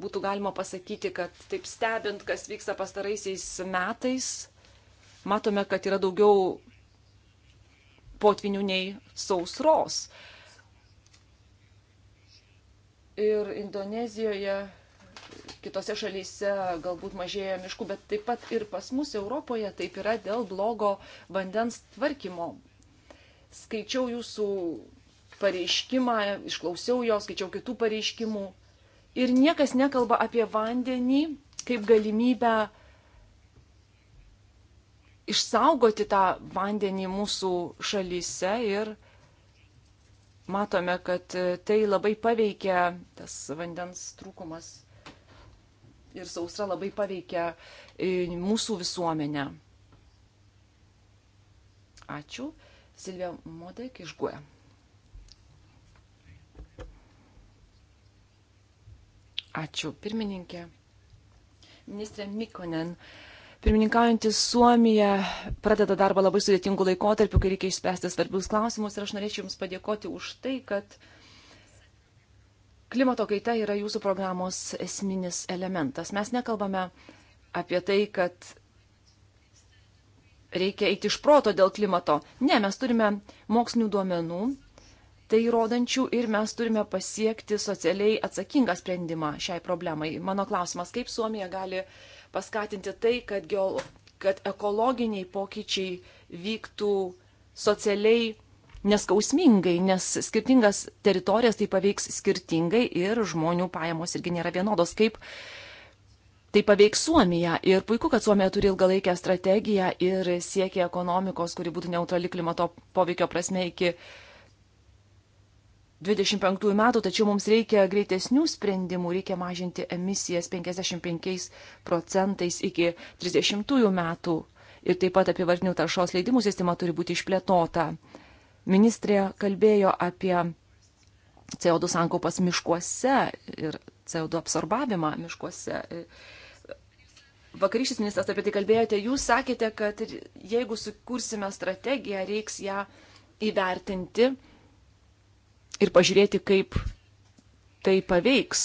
būtų galima pasakyti, kad taip stebint, kas vyksta pastaraisiais metais, matome, kad yra daugiau potvinių nei sausros. Ir Indonezijoje kitose šalyse galbūt mažėja miškų, bet taip pat ir pas mus Europoje taip yra dėl blogo vandens tvarkymo. Skaičiau jūsų pareiškimą, išklausiau jo, skaičiau kitų pareiškimų ir niekas nekalba apie vandenį kaip galimybę išsaugoti tą vandenį mūsų šalyse ir matome, kad tai labai paveikia tas vandens trūkumas ir sausra labai paveikia e, mūsų visuomenę. Ačiū. Silvija Modek iš Guė. Ačiū, pirmininkė. Ministrė Mikonen. Pirmininkaujantis Suomija pradeda darbą labai sudėtingų laikotarpių, kai reikia išspręsti svarbius klausimus ir aš norėčiau Jums padėkoti už tai, kad uh, Klimato kaita yra jūsų programos esminis elementas. Mes nekalbame apie tai, kad reikia eiti iš proto dėl klimato. Ne, mes turime mokslinių duomenų, tai rodančių ir mes turime pasiekti socialiai atsakingą sprendimą šiai problemai. Mano klausimas, kaip Suomija gali paskatinti tai, kad, geolo, kad ekologiniai pokyčiai vyktų socialiai neskausmingai, nes skirtingas teritorijas tai paveiks skirtingai ir žmonių pajamos irgi nėra vienodos, kaip tai paveiks Suomiją. Ir puiku, kad Suomija turi ilgalaikę strategiją ir siekia ekonomikos, kuri būtų neutrali klimato poveikio prasme iki 25 metų, tačiau mums reikia greitesnių sprendimų, reikia mažinti emisijas 55 procentais iki 30 metų. Ir taip pat apivartinių taršos leidimų sistema turi būti išplėtota. Ministrė kalbėjo apie CO2 sankaupas miškuose ir CO2 absorbavimą miškuose. Vakarykštis ministras apie tai kalbėjote, jūs sakėte, kad jeigu sukursime strategiją, reiks ją įvertinti ir pažiūrėti, kaip tai paveiks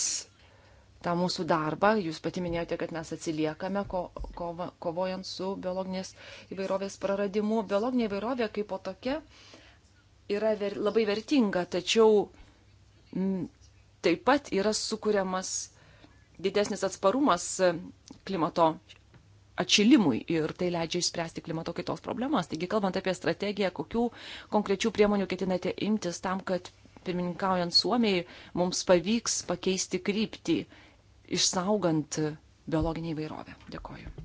tą mūsų darbą. Jūs pati minėjote, kad mes atsiliekame ko, ko, kovojant su biologinės įvairovės praradimu. Biologinė įvairovė kaip po tokia yra ver, labai vertinga, tačiau m, taip pat yra sukūriamas didesnis atsparumas klimato atšilimui ir tai leidžia išspręsti klimato kaitos problemas. Taigi, kalbant apie strategiją, kokių konkrečių priemonių ketinate imtis tam, kad pirmininkaujant Suomijai mums pavyks pakeisti kryptį, išsaugant biologinį įvairovę. Dėkoju.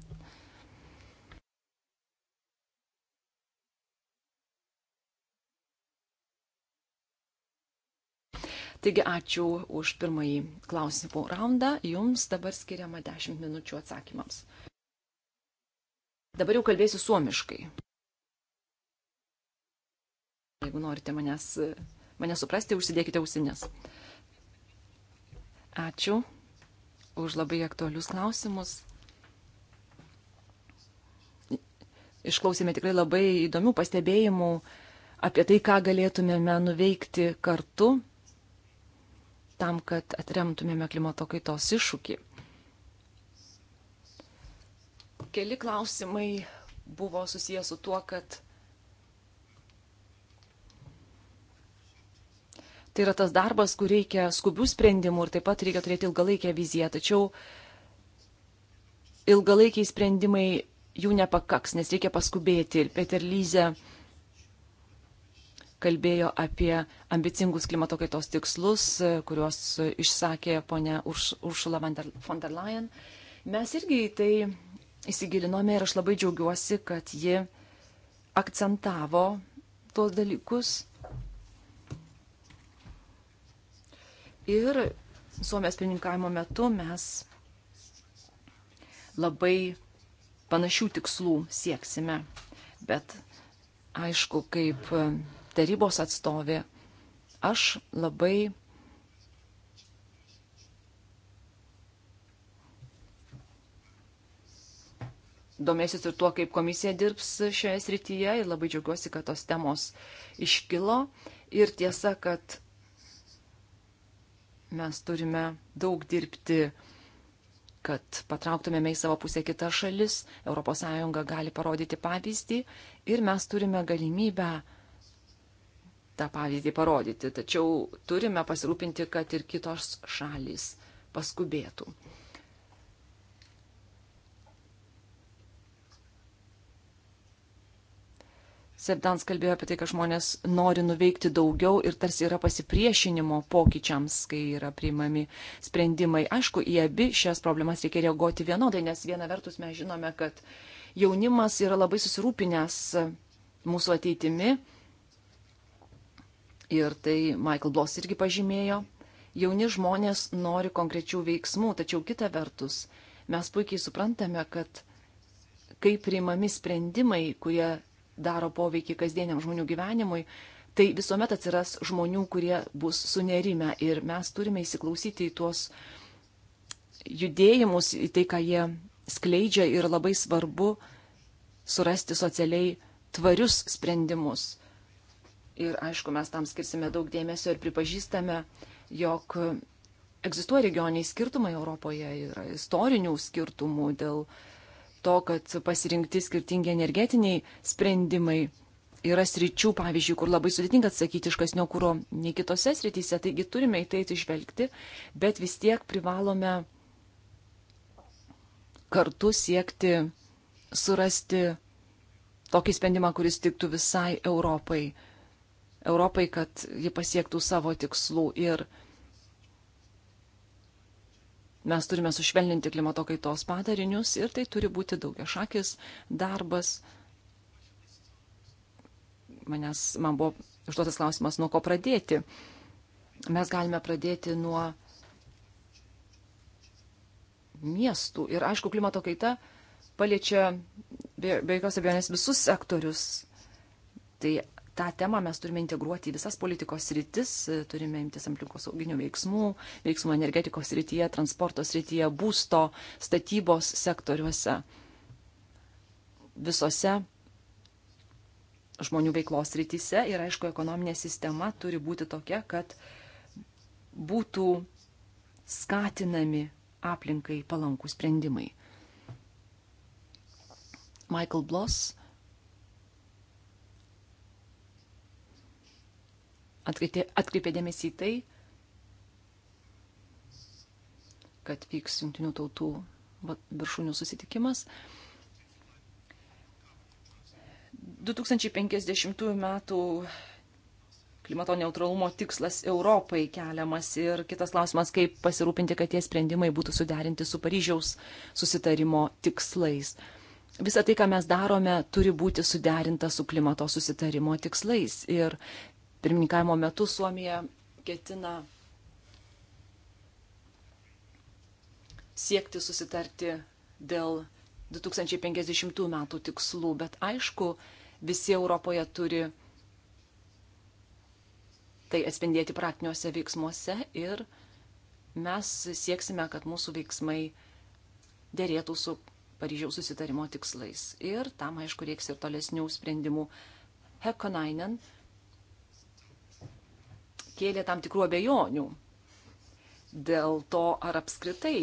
Taigi ačiū už pirmąjį klausimų raundą. Jums dabar skiriama 10 minučių atsakymams. Dabar jau kalbėsiu suomiškai. Jeigu norite manęs, mane suprasti, užsidėkite ausinės. Ačiū už labai aktualius klausimus. Išklausėme tikrai labai įdomių pastebėjimų apie tai, ką galėtumėme nuveikti kartu tam, kad atremtumėme klimato kaitos iššūkį. Keli klausimai buvo susijęs su tuo, kad tai yra tas darbas, kur reikia skubių sprendimų ir taip pat reikia turėti ilgalaikę viziją. Tačiau ilgalaikiai sprendimai jų nepakaks, nes reikia paskubėti. Ir Peter Lyze kalbėjo apie ambicingus klimato kaitos tikslus, kuriuos išsakė ponia Uršula von der Leyen. Mes irgi į tai įsigilinome ir aš labai džiaugiuosi, kad ji akcentavo tuos dalykus. Ir Suomės pirmininkavimo metu mes labai panašių tikslų sieksime. Bet aišku, kaip tarybos atstovė, aš labai domėsis ir tuo, kaip komisija dirbs šioje srityje ir labai džiaugiuosi, kad tos temos iškilo. Ir tiesa, kad mes turime daug dirbti, kad patrauktumėme į savo pusę kitas šalis, ES gali parodyti pavyzdį ir mes turime galimybę tą pavyzdį parodyti, tačiau turime pasirūpinti, kad ir kitos šalys paskubėtų. Sebdans kalbėjo apie tai, kad žmonės nori nuveikti daugiau ir tarsi yra pasipriešinimo pokyčiams, kai yra priimami sprendimai. Aišku, į abi šias problemas reikia reaguoti vienodai, nes viena vertus mes žinome, kad jaunimas yra labai susirūpinęs mūsų ateitimi Ir tai Michael Bloss irgi pažymėjo. Jauni žmonės nori konkrečių veiksmų, tačiau kita vertus, mes puikiai suprantame, kad kai priimami sprendimai, kurie daro poveikį kasdieniam žmonių gyvenimui, tai visuomet atsiras žmonių, kurie bus sunerime ir mes turime įsiklausyti į tuos judėjimus, į tai, ką jie skleidžia ir labai svarbu surasti socialiai tvarius sprendimus. Ir aišku, mes tam skirsime daug dėmesio ir pripažįstame, jog egzistuoja regioniai skirtumai Europoje, yra istorinių skirtumų dėl to, kad pasirinkti skirtingi energetiniai sprendimai. Yra sričių, pavyzdžiui, kur labai sudėtinga atsakyti iš kasnio kūro nei kitose srityse, taigi turime į tai atsižvelgti, bet vis tiek privalome kartu siekti surasti tokį sprendimą, kuris tiktų visai Europai Europai, kad ji pasiektų savo tikslų ir mes turime sušvelninti klimato kaitos padarinius ir tai turi būti daugia šakis darbas. Manęs, man buvo užduotas klausimas, nuo ko pradėti. Mes galime pradėti nuo miestų. Ir aišku, klimato kaita paliečia be, be jokios abejonės visus sektorius. Tai tą temą mes turime integruoti į visas politikos rytis, turime imtis aplinkosauginių veiksmų, veiksmų energetikos rytyje, transporto rytyje, būsto, statybos sektoriuose, visose žmonių veiklos rytise ir aišku, ekonominė sistema turi būti tokia, kad būtų skatinami aplinkai palankų sprendimai. Michael Bloss atkreipė, atkreipė dėmesį į tai, kad vyks jungtinių tautų viršūnių susitikimas. 2050 metų klimato neutralumo tikslas Europai keliamas ir kitas klausimas, kaip pasirūpinti, kad tie sprendimai būtų suderinti su Paryžiaus susitarimo tikslais. Visą tai, ką mes darome, turi būti suderinta su klimato susitarimo tikslais. Ir pirmininkavimo metu Suomija ketina siekti susitarti dėl 2050 metų tikslų, bet aišku, visi Europoje turi tai atspindėti praktiniuose veiksmuose ir mes sieksime, kad mūsų veiksmai dėrėtų su Paryžiaus susitarimo tikslais. Ir tam, aišku, reiks ir tolesnių sprendimų. Hekonainen kėlė tam tikrų abejonių dėl to, ar apskritai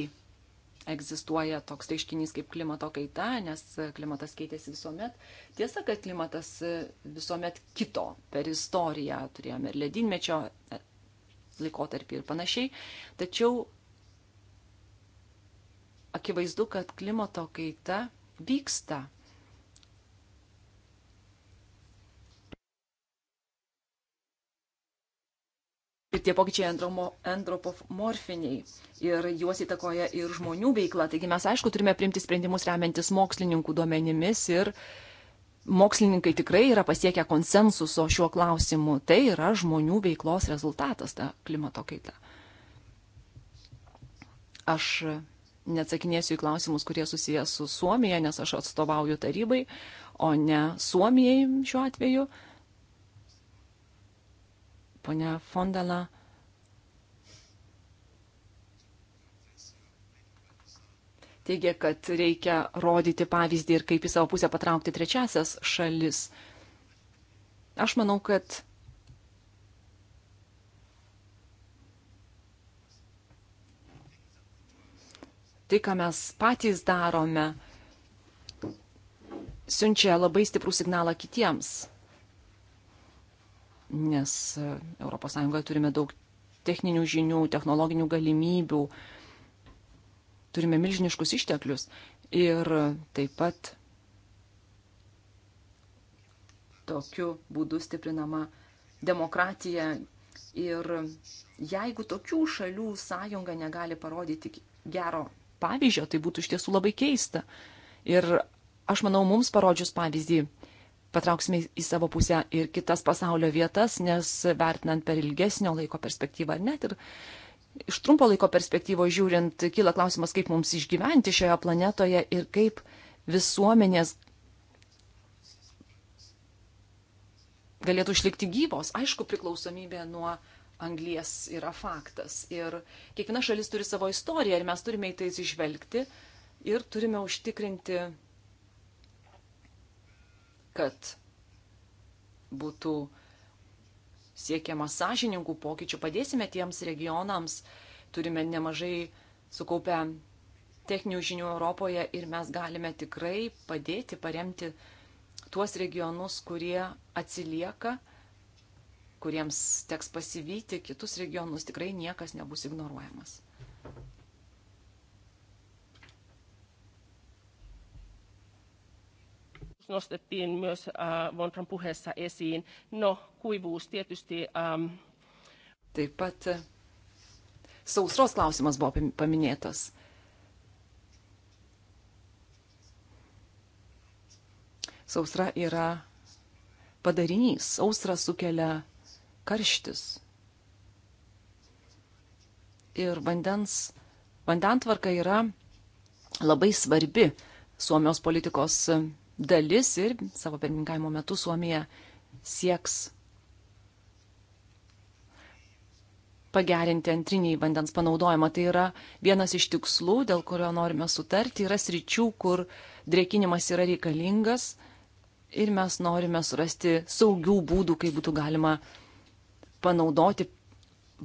egzistuoja toks reiškinys kaip klimato kaita, nes klimatas keitėsi visuomet. Tiesa, kad klimatas visuomet kito per istoriją, turėjome ir ledinmečio laikotarpį ir panašiai, tačiau akivaizdu, kad klimato kaita vyksta Ir tie pokyčiai antropomorfiniai ir juos įtakoja ir žmonių veikla. Taigi mes, aišku, turime priimti sprendimus remiantis mokslininkų duomenimis ir mokslininkai tikrai yra pasiekę konsensuso šiuo klausimu. Tai yra žmonių veiklos rezultatas, ta klimato kaita. Aš neatsakinėsiu į klausimus, kurie susijęs su Suomija, nes aš atstovauju tarybai, o ne Suomijai šiuo atveju. Uh, Pone Fondala. Teigia, kad reikia rodyti pavyzdį ir kaip į savo pusę patraukti trečiasias šalis. Aš manau, kad tai, ką mes patys darome, siunčia labai stiprų signalą kitiems nes ES turime daug techninių žinių, technologinių galimybių, turime milžiniškus išteklius ir taip pat tokiu būdu stiprinama demokratija. Ir jeigu tokių šalių sąjunga negali parodyti gero pavyzdžio, tai būtų iš tiesų labai keista. Ir aš manau, mums parodžius pavyzdį patrauksime į savo pusę ir kitas pasaulio vietas, nes vertinant per ilgesnio laiko perspektyvą, net ir iš trumpo laiko perspektyvos žiūrint, kyla klausimas, kaip mums išgyventi šioje planetoje ir kaip visuomenės galėtų išlikti gyvos. Aišku, priklausomybė nuo anglies yra faktas. Ir kiekviena šalis turi savo istoriją ir mes turime į tai išvelgti ir turime užtikrinti kad būtų siekiama sąžininkų pokyčių, padėsime tiems regionams, turime nemažai sukaupę techninių žinių Europoje ir mes galime tikrai padėti, paremti tuos regionus, kurie atsilieka, kuriems teks pasivyti kitus regionus, tikrai niekas nebus ignoruojamas. nostettiin myös äh, Vontran puheessa esiin. No, kuivuus tietysti... Ähm, Taip pat äh, sausros klausimas buvo paminėtas. Sausra yra padarinys, sausra sukelia karštis. Ir vandens, vandentvarka yra labai svarbi Suomijos politikos dalis ir savo pirmininkavimo metu Suomija sieks pagerinti antrinį vandens panaudojimą. Tai yra vienas iš tikslų, dėl kurio norime sutarti. Yra sričių, kur drėkinimas yra reikalingas ir mes norime surasti saugių būdų, kaip būtų galima panaudoti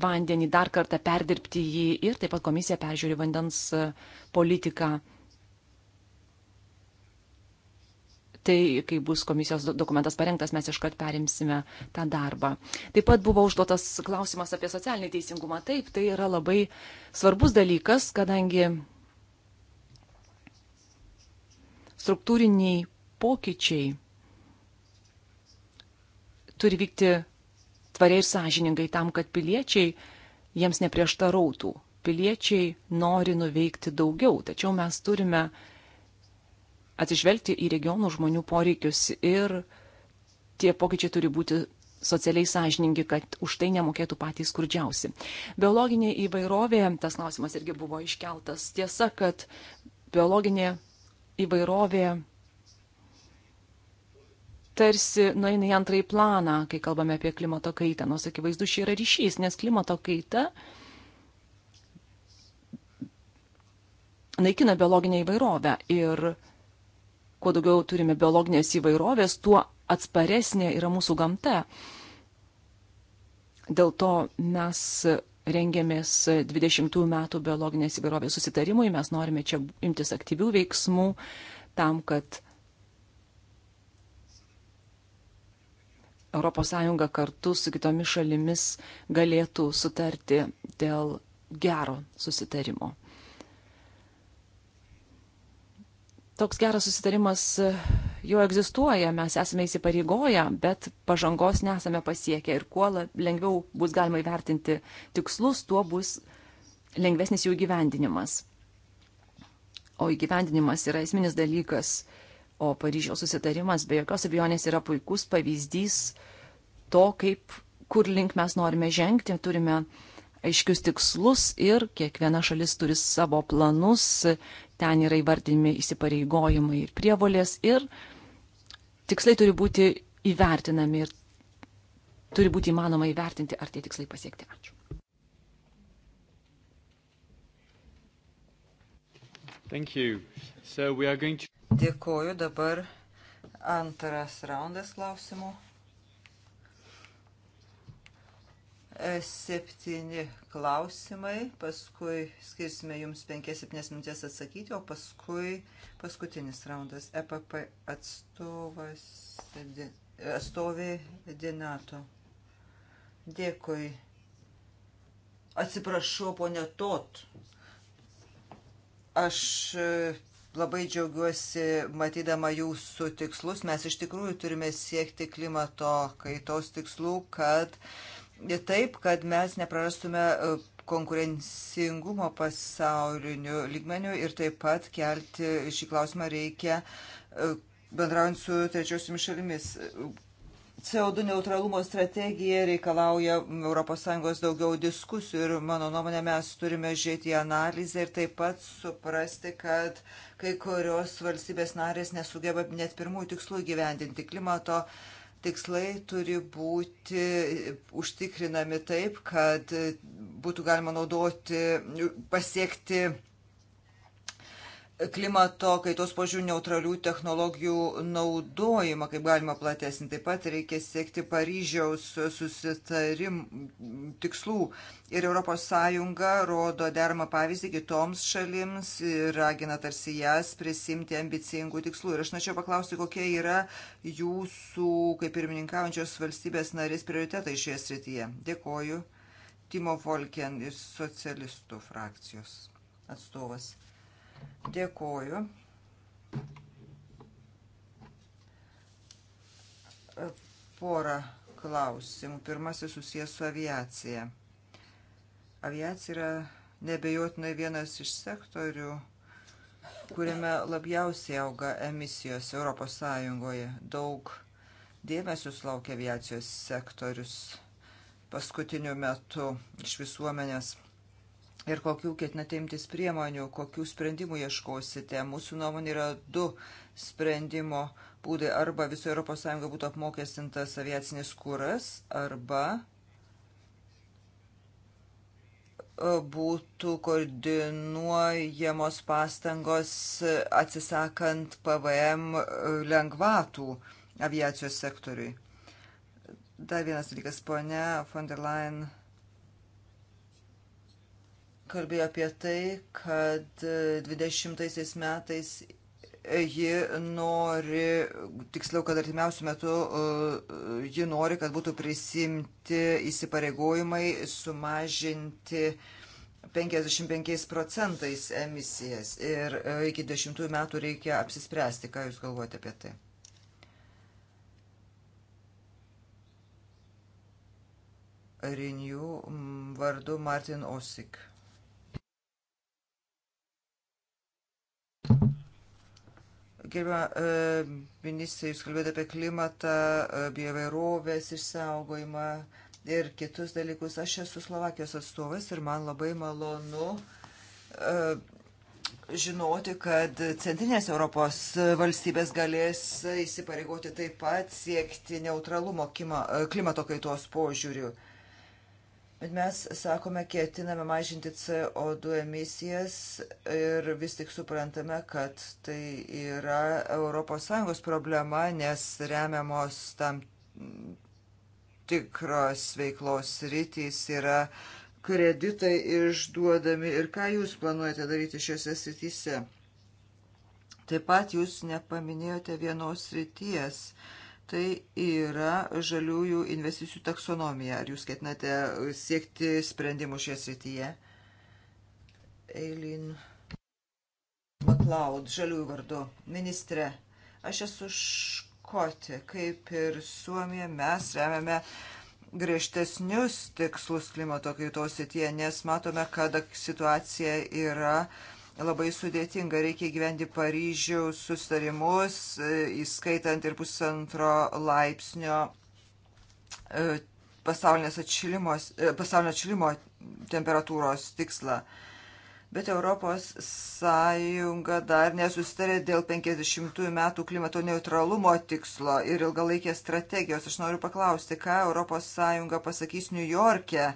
vandenį, dar kartą perdirbti jį ir taip pat komisija peržiūri vandens politiką tai, kai bus komisijos dokumentas parengtas, mes iškart perimsime tą darbą. Taip pat buvo užduotas klausimas apie socialinį teisingumą. Taip, tai yra labai svarbus dalykas, kadangi struktūriniai pokyčiai turi vykti tvariai ir sąžiningai tam, kad piliečiai jiems neprieštarautų. Piliečiai nori nuveikti daugiau, tačiau mes turime uh, atsižvelgti į regionų žmonių poreikius ir tie pokyčiai turi būti socialiai sąžiningi, kad už tai nemokėtų patys skurdžiausi. Biologinė įvairovė, tas klausimas irgi buvo iškeltas. Tiesa, kad biologinė įvairovė tarsi nueina į antrąjį planą, kai kalbame apie klimato kaitą, nors akivaizdu šį yra ryšys, nes klimato kaita naikina biologinę įvairovę ir kuo daugiau turime biologinės įvairovės, tuo atsparesnė yra mūsų gamta. Dėl to mes rengiamės 20 metų biologinės įvairovės susitarimui, mes norime čia imtis aktyvių veiksmų tam, kad ES kartu su kitomis šalimis galėtų sutarti dėl gero susitarimo. toks geras susitarimas e, jau egzistuoja, mes esame įsipareigoję, bet pažangos nesame pasiekę ir kuo lengviau bus galima įvertinti tikslus, tuo bus lengvesnis jų gyvendinimas. O įgyvendinimas yra esminis dalykas, o Paryžiaus susitarimas be jokios abejonės yra puikus pavyzdys to, kaip, kur link mes norime žengti, turime uh, aiškius tikslus ir kiekviena šalis turi savo planus, ten yra įvardinimi įsipareigojimai ir prievolės ir tikslai turi būti įvertinami ir turi būti įmanoma įvertinti, ar tie tikslai pasiekti. Ačiū. So to... Dėkoju. Dabar antras raundas klausimų. septyni klausimai, paskui skirsime jums 5-7 minutės atsakyti, o paskui paskutinis raundas EPP atstovas, atstovė Dinato. Dėkui. Atsiprašau, ponė Tot. Aš e, labai džiaugiuosi matydama jūsų tikslus. Mes iš tikrųjų turime siekti klimato kaitos tikslų, kad uh, taip, kad mes neprarastume e, konkurencingumo pasauliniu lygmeniu ir taip pat kelti šį klausimą reikia e, bendraujant su trečiosiomis šalimis. CO2 neutralumo strategija reikalauja ES daugiau diskusijų ir mano nuomonė mes turime žiūrėti į analizę ir taip pat suprasti, kad kai kurios valstybės narės nesugeba net pirmųjų tikslų gyvendinti klimato uh, tikslai turi būti užtikrinami taip, kad būtų galima naudoti, pasiekti klimato kaitos požiūrių neutralių technologijų naudojimą, kaip galima platesnį. Taip pat reikia siekti Paryžiaus susitarim tikslų. Ir ES rodo deramą pavyzdį kitoms šalims ir ragina tarsi jas prisimti ambicingų tikslų. Ir aš norėčiau paklausti, kokie yra jūsų, kaip pirmininkaujančios valstybės narės, prioritetai šioje srityje. Dėkoju. Timo Volken iš socialistų frakcijos atstovas. Dėkoju. Porą klausimų. Pirmasis susijęs su aviacija. Aviacija yra nebejotinai vienas iš sektorių, kuriame labiausiai auga emisijos Europos Sąjungoje. Daug dėmesio sulaukia aviacijos sektorius paskutiniu metu iš visuomenės ir kokių ketinate imtis priemonių, kokių sprendimų ieškosite. Mūsų nuomonė yra du sprendimo būdai. Arba viso ES būtų apmokestintas aviacinis kuras, arba e, būtų koordinuojamos pastangos e, atsisakant PVM e, lengvatų aviacijos sektoriui. Dar vienas dalykas, ponia von der Leyen kalbėjo apie tai, kad 20 metais ji nori, tiksliau, kad artimiausių metų uh, ji nori, kad būtų prisimti įsipareigojimai sumažinti 55 procentais emisijas ir uh, iki 10 metų reikia apsispręsti, ką Jūs galvojate apie tai. Renew mm, vardu Martin Osik. Gerbima e, ministrė, jūs kalbėjote apie klimatą, e, biovairovės išsaugojimą ir kitus dalykus. Aš esu Slovakijos atstovas ir man labai malonu e, žinoti, kad centrinės Europos valstybės galės įsipareigoti taip pat siekti neutralumo klimato kaitos požiūrių. Bet mes sakome, ketiname mažinti CO2 emisijas ir vis tik suprantame, kad tai yra ES problema, nes remiamos tam tikros veiklos rytys yra kreditai išduodami ir ką jūs planuojate daryti šiuose srityse. Taip pat jūs nepaminėjote vienos ryties tai yra žaliųjų investicijų taksonomija. Ar jūs ketinate siekti sprendimų šioje srityje? Eilin McLeod, žaliųjų vardu. Ministre, aš esu škoti, kaip ir Suomija, mes remiame griežtesnius tikslus klimato kaitos srityje, nes matome, kad situacija yra uh, labai sudėtinga. Reikia gyventi Paryžiaus sustarimus, e, įskaitant ir pusantro laipsnio e, pasaulinės e, pasaulinio atšilimo temperatūros tikslą. Bet Europos Sąjunga dar nesustarė dėl 50 metų klimato neutralumo tikslo ir ilgalaikės strategijos. Aš noriu paklausti, ką Europos Sąjunga pasakys Niujorke.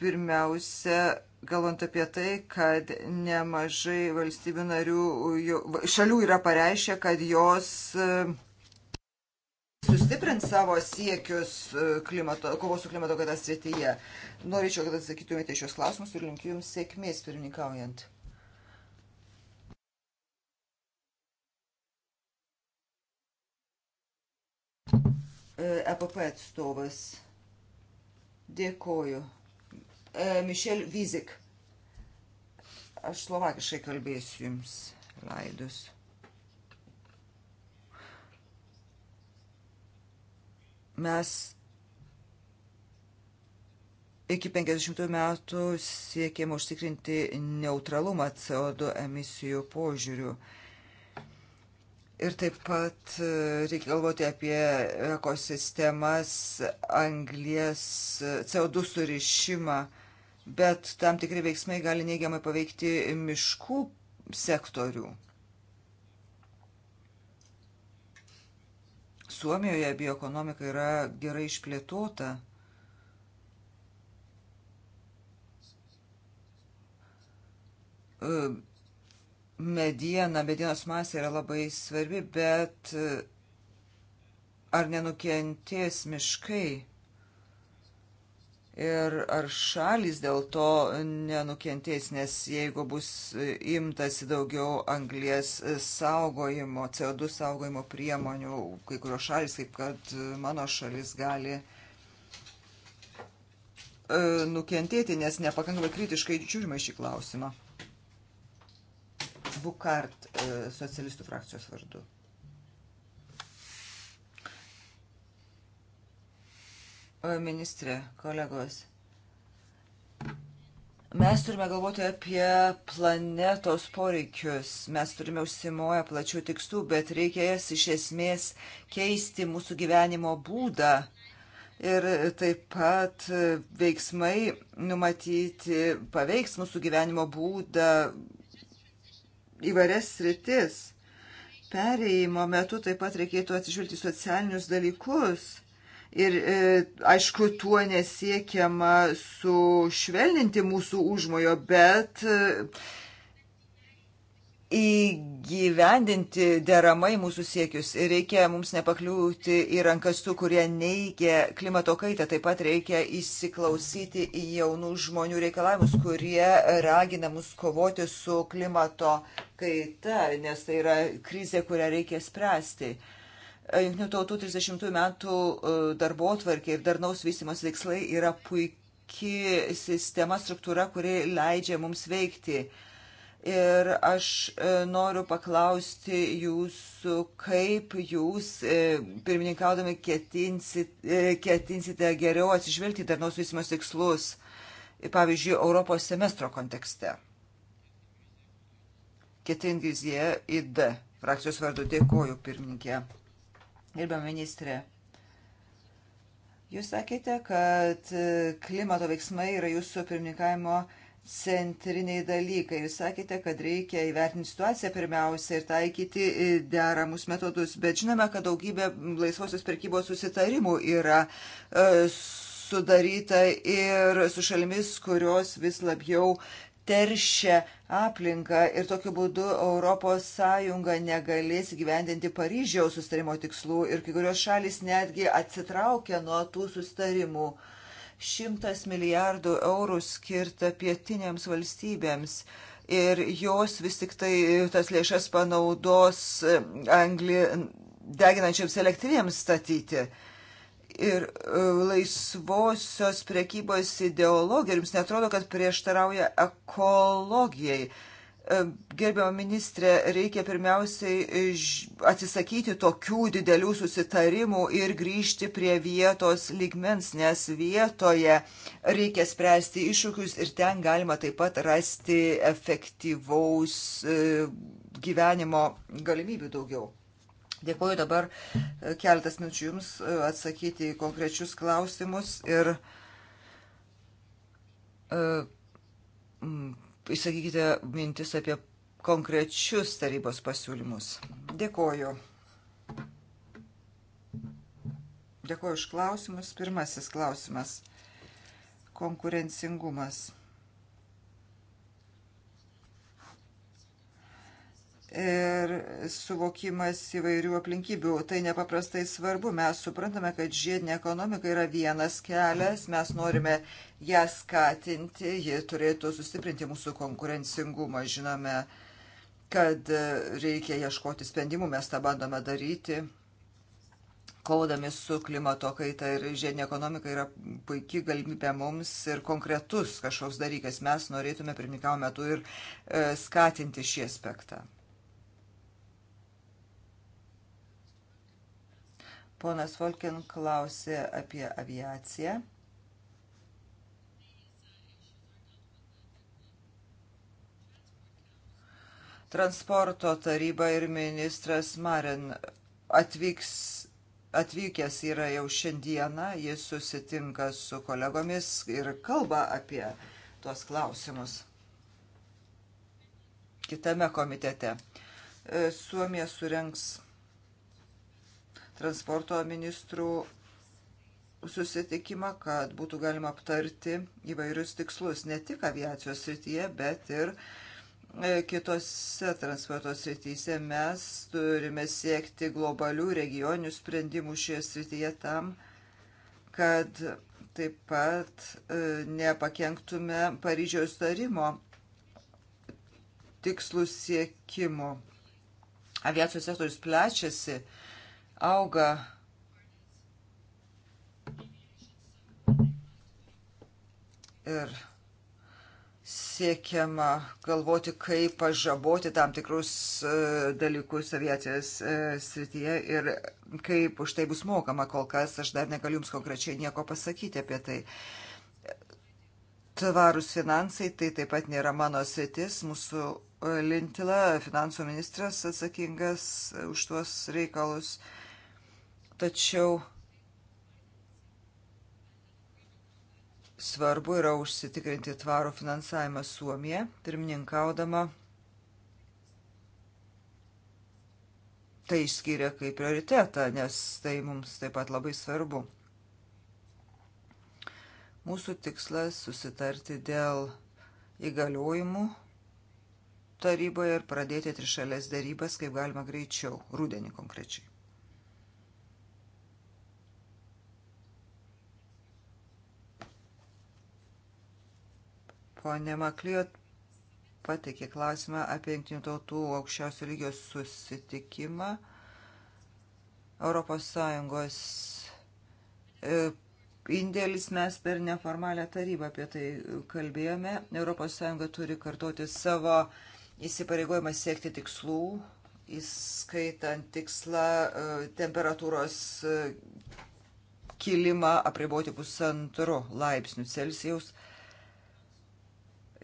Pirmiausia, galvant apie tai, kad nemažai valstybių narių, šalių yra pareiškę, kad jos e, sustiprint savo siekius e, klimato, kovos su klimato kaitas srityje. Norėčiau, kad atsakytumėte šios klausimus ir linkiu Jums sėkmės pirmininkaujant. EPP e atstovas. Dėkoju. E, Mišel Vizik. Aš slovakiškai kalbėsiu jums laidus. Mes iki 50 metų siekėm užtikrinti neutralumą CO2 emisijų požiūrių. Ir taip pat e, reikia galvoti apie ekosistemas, anglies, CO2 surišimą bet tam tikri veiksmai gali neigiamai paveikti miškų sektorių. Suomijoje bioekonomika yra gerai išplėtota. E, mediena, medienos masė yra labai svarbi, bet e, ar nenukentės miškai? ir ar šalis dėl to nenukentės, nes jeigu bus imtasi daugiau anglės saugojimo, CO2 saugojimo priemonių, kai kurios šalis, kaip kad mano šalis, gali e, nukentėti, nes nepakankamai kritiškai žiūrima šį klausimą. Bukart e, socialistų frakcijos vardu. ministrė, kolegos. Mes turime galvoti apie planetos poreikius, mes turime užsimoję plačių tikslų, bet reikia jas iš esmės keisti mūsų gyvenimo būdą. Ir taip pat veiksmai numatyti paveiks mūsų gyvenimo būdą įvairias sritis. Perėjimo metu taip pat reikėtų atsižvelgti socialinius dalykus Ir e, aišku, tuo nesiekiama sušvelninti mūsų užmojo, bet e, įgyvendinti deramai mūsų siekius. Ir reikia mums nepakliūti į rankas tų, kurie neigia klimato kaitą. Taip pat reikia įsiklausyti į jaunų žmonių reikalavimus, kurie ragina mus kovoti su klimato kaita, nes tai yra krizė, kurią reikia spręsti. E, Junktinių tautų 30 metų e, darbo atvarkė ir darnaus vystimas veikslai yra puikia sistema, struktūra, kuri leidžia mums veikti. Ir aš e, noriu paklausti jūsų, kaip jūs, e, pirmininkaudami, ketinsite, ketinsite geriau atsižvelgti darnaus vystimas tikslus, pavyzdžiui, Europos semestro kontekste. Ketingizie ID. Frakcijos vardu dėkoju, pirmininkė. Gerbiam ministrė, jūs sakėte, kad e, klimato veiksmai yra jūsų pirmininkavimo centriniai dalykai. Jūs sakėte, kad reikia įvertinti situaciją pirmiausia ir taikyti e, deramus metodus, bet žinome, kad daugybė laisvosios perkybos susitarimų yra e, sudaryta ir su šalimis, kurios vis labiau teršia aplinką ir tokiu būdu ES negalės gyvendinti Paryžiaus sustarimo tikslų ir kai kurios šalis netgi atsitraukia nuo tų sustarimų. Šimtas milijardų eurų skirta pietinėms valstybėms ir jos vis tik tai tas lėšas panaudos e, angli deginančiams elektrinėms statyti ir e, laisvosios prekybos ideologija, jums netrodo, kad prieštarauja ekologijai. E, Gerbiamo ministrė, reikia pirmiausiai e, atsisakyti tokių didelių susitarimų ir grįžti prie vietos ligmens, nes vietoje reikia spręsti iššūkius ir ten galima taip pat rasti efektyvaus gyvenimo galimybių daugiau. Dėkuoju dabar e, keltas minčių Jums e, atsakyti į konkrečius klausimus ir įsakykite e, mintis apie konkrečius tarybos pasiūlymus. Dėkuoju. Dėkuoju už klausimus. Pirmasis klausimas - konkurencingumas. ir suvokimas įvairių aplinkybių. Tai nepaprastai svarbu. Mes suprantame, kad žiedinė ekonomika yra vienas kelias, mes norime ją skatinti, ji turėtų sustiprinti mūsų konkurencingumą. Žinome, kad reikia ieškoti sprendimų, mes tą bandome daryti. Kovodami su klimato kaita ir žiedinė ekonomika yra puikiai galimybė mums ir konkretus kažkoks dalykas. Mes norėtume pirmininkavimo metu ir e, skatinti šį aspektą. Ponas Volkin klausė apie aviaciją. Transporto taryba ir ministras Marin atvyks, atvykęs yra jau šiandieną, jis susitinka su kolegomis ir kalba apie tuos klausimus kitame komitete. E, Suomija surenks transporto ministrų susitikimą, kad būtų galima aptarti įvairius tikslus ne tik aviacijos srityje, bet ir e, kitose transporto srityse. Mes turime siekti globalių regioninių sprendimų šioje srityje tam, kad taip pat e, nepakenktume Paryžiaus tarimo tikslų siekimo. Aviacijos sektorius plečiasi auga ir siekiama galvoti, kaip pažaboti tam tikrus e, dalykus aviacijos e, srityje ir kaip už tai bus mokama kol kas. Aš dar negaliu Jums konkrečiai nieko pasakyti apie tai. Tvarūs finansai, tai taip pat nėra mano sritis. Mūsų e, Lintila, finansų ministras atsakingas už tuos reikalus. Uh, tačiau svarbu yra užsitikrinti tvarų finansavimą Suomija, pirmininkaudama. Tai išskiria kaip prioritetą, nes tai mums taip pat labai svarbu. Mūsų tikslas susitarti dėl įgaliojimų taryboje ir pradėti trišalės darybas kaip galima greičiau, rudenį konkrečiai. Pone Maklijot pateikė klausimą apie Junktinių tautų aukščiausio lygio susitikimą Europos Sąjungos e, indėlis mes per neformalią tarybą apie tai kalbėjome. ES turi kartoti savo įsipareigojimą siekti tikslų, įskaitant tikslą e, temperatūros e, kilimą apriboti pusantro laipsnių Celsijaus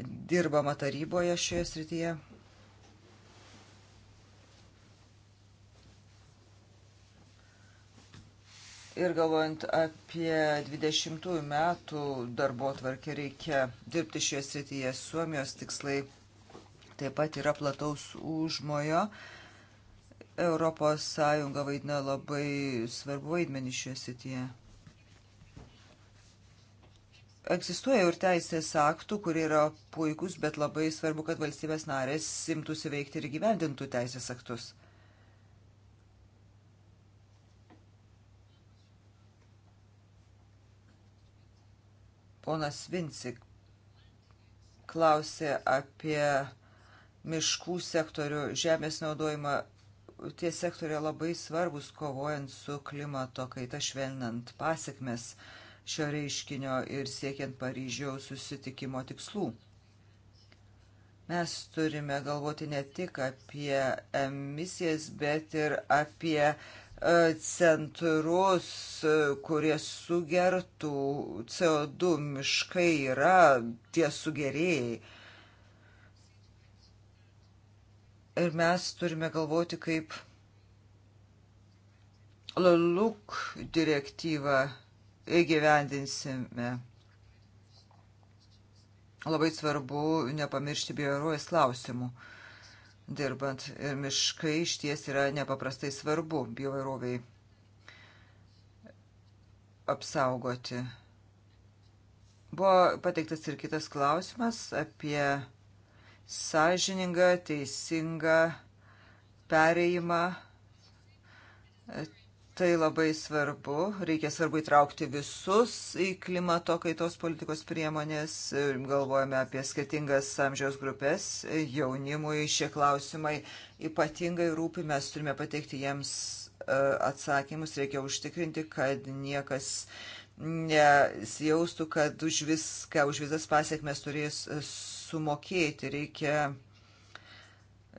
dirbama taryboje šioje srityje. Ir galvojant apie 20 metų darbo tvarkį, reikia dirbti šioje srityje. Suomijos tikslai taip pat yra plataus užmojo. ES vaidina labai svarbu vaidmenį šioje srityje. Egzistuoja ir teisės aktų, kurie yra puikūs, bet labai svarbu, kad valstybės narės simtųsi veikti ir gyvendintų teisės aktus. Ponas Vincik klausė apie miškų sektorių, žemės naudojimą. Tie sektoriai labai svarbus kovojant su klimato kaita, švelnant pasiekmes. Uh, šio reiškinio ir siekiant Paryžiaus susitikimo tikslų. Mes turime galvoti ne tik apie emisijas, bet ir apie e, centrus, e, kurie sugertų CO2 miškai yra tie sugerėjai. Ir mes turime galvoti, kaip LUK direktyva įgyvendinsime. Labai svarbu nepamiršti bioruojas klausimų. Dirbant ir miškai iš ties yra nepaprastai svarbu bioruoviai apsaugoti. Buvo pateiktas ir kitas klausimas apie sąžiningą, teisingą pereimą Tai labai svarbu, reikia svarbu įtraukti visus į klimato kaitos politikos priemonės, galvojame apie skirtingas amžiaus grupės, jaunimui šie klausimai ypatingai rūpi, mes turime pateikti jiems e, atsakymus, reikia užtikrinti, kad niekas nesijaustų, kad už viską, už visas pasiekmes turės sumokėti, reikia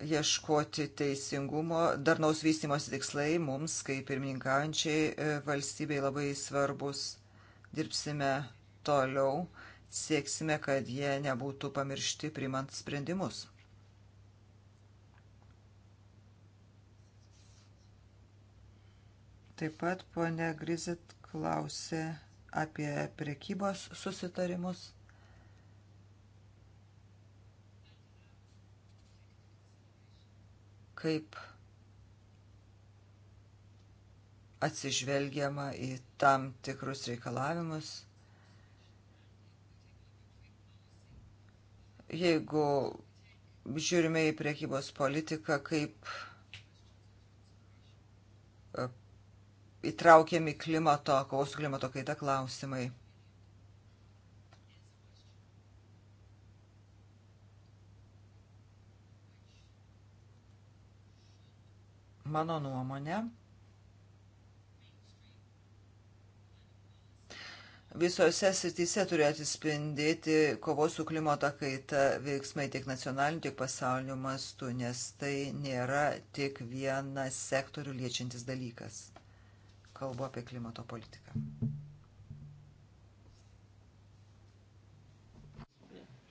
ieškoti teisingumo. Darnaus vystimosi tikslai mums, kaip pirmininkaujančiai e, valstybei, labai svarbus. Dirbsime toliau, sieksime, kad jie nebūtų pamiršti primant sprendimus. Taip pat ponia Grizit klausė apie prekybos susitarimus. kaip atsižvelgiama į tam tikrus reikalavimus. Jeigu žiūrime į priekybos politiką, kaip e, įtraukiami klimato, kovos su klimato kaita klausimai. Mano nuomonė, visose srityse turi atsispindėti kovos su klimato kaita veiksmai tiek nacionaliniu, tiek pasauliniu mastu, nes tai nėra tik vienas sektorių liečiantis dalykas. Kalbu apie klimato politiką.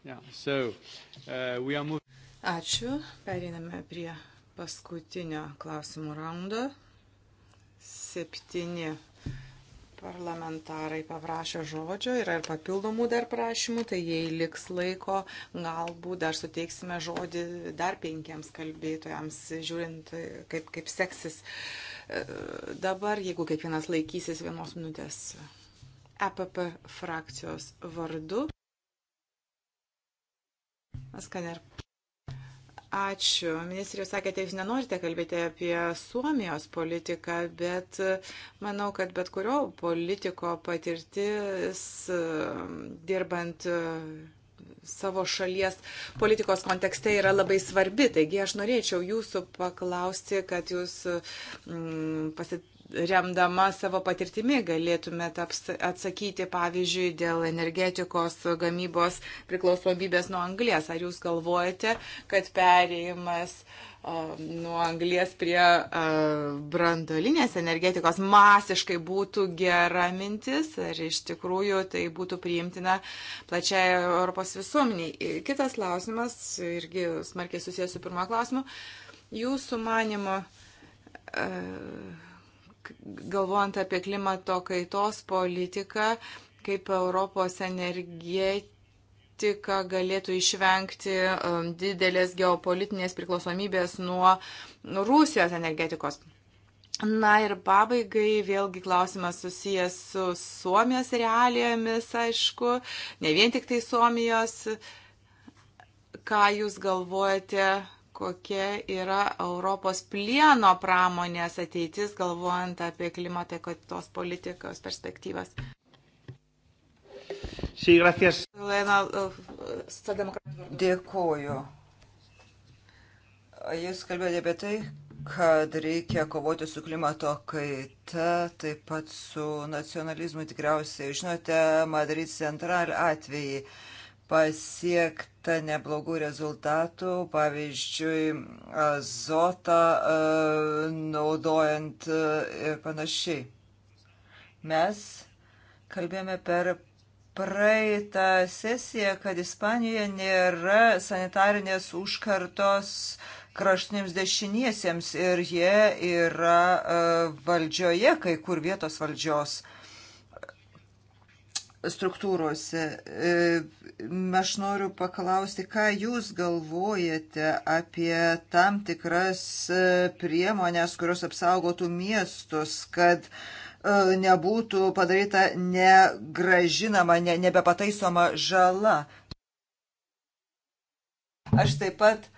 Yeah, so, uh, Ačiū, pereiname prie paskutinio klausimų raundo. Septyni parlamentarai paprašė žodžio, yra ir papildomų dar prašymų, tai jei liks laiko, galbūt dar suteiksime žodį dar penkiems kalbėtojams, žiūrint, kaip, kaip seksis e, dabar, jeigu kiekvienas laikysis vienos minutės EPP frakcijos vardu. Askaner. Ačiū. Ministrė, jūs sakėte, jūs nenorite kalbėti apie Suomijos politiką, bet manau, kad bet kurio politiko patirtis um, dirbant uh, savo šalies politikos kontekste yra labai svarbi. Taigi aš norėčiau jūsų paklausti, kad jūs mm, um, pasit remdama savo patirtimi galėtumėt atsakyti, pavyzdžiui, dėl energetikos gamybos priklausomybės nuo anglės. Ar jūs galvojate, kad perėjimas nuo anglės prie brandolinės energetikos masiškai būtų gera mintis, ar iš tikrųjų tai būtų priimtina plačiai Europos visuomeniai. Kitas klausimas, irgi smarkiai susijęs su pirmo klausimu, jūsų manimo galvojant apie klimato kaitos politiką, kaip Europos energetika galėtų išvengti um, didelės geopolitinės priklausomybės nuo Rusijos energetikos. Na ir pabaigai vėlgi klausimas susijęs su Suomijos realijomis, aišku, ne vien tik tai Suomijos. Ką Jūs galvojate kokia yra Europos plieno pramonės ateitis, galvojant apie klimato kaitos politikos perspektyvas. Sí, gracias. Lena, eh, Dėkuoju. Jūs kalbėjote apie tai, kad reikia kovoti su klimato kaita, taip pat su nacionalizmu tikriausiai. Žinote, Madrid central atvejai pasiekti pasiekta neblogų rezultatų, pavyzdžiui, azotą e, naudojant e, ir panašiai. Mes kalbėjome per praeitą sesiją, kad Ispanijoje nėra sanitarinės užkartos kraštiniams dešiniesiems ir jie yra e, valdžioje, kai kur vietos valdžios valdžios struktūrose. E, aš noriu paklausti, ką Jūs galvojate apie tam tikras e, priemonės, kurios apsaugotų miestus, kad e, nebūtų padaryta negražinama, ne, nebepataisoma žala. Aš taip pat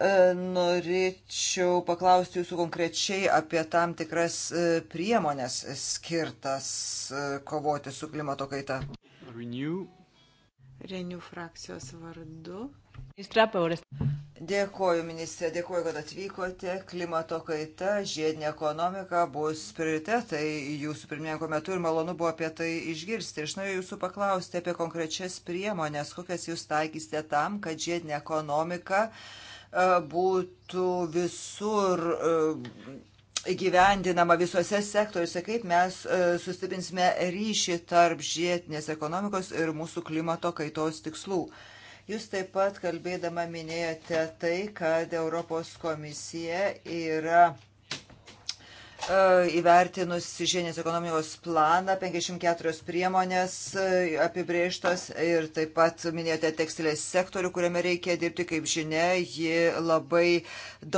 E, norėčiau paklausti jūsų konkrečiai apie tam tikras e, priemonės skirtas e, kovoti su klimato kaita. Renew. Renew frakcijos vardu. Dėkuoju, ministrė, dėkuoju, kad atvykote. Klimato kaita, žiedinė ekonomika bus prioritetai jūsų pirmininko metu ir malonu buvo apie tai išgirsti. Iš naujo jūsų paklausti apie konkrečias priemonės, kokias jūs taikysite tam, kad žiedinė ekonomika uh, E, būtų visur e, įgyvendinama visuose sektoriuose, kaip mes e, sustiprinsime ryšį tarp žiedinės ekonomikos ir mūsų klimato kaitos tikslų. Jūs taip pat kalbėdama minėjote tai, kad Europos komisija yra E, įvertinus žienės ekonomikos planą, 54 priemonės e, apibrėžtos ir taip pat minėjote tekstilės sektorių, kuriame reikia dirbti, kaip žinia, ji labai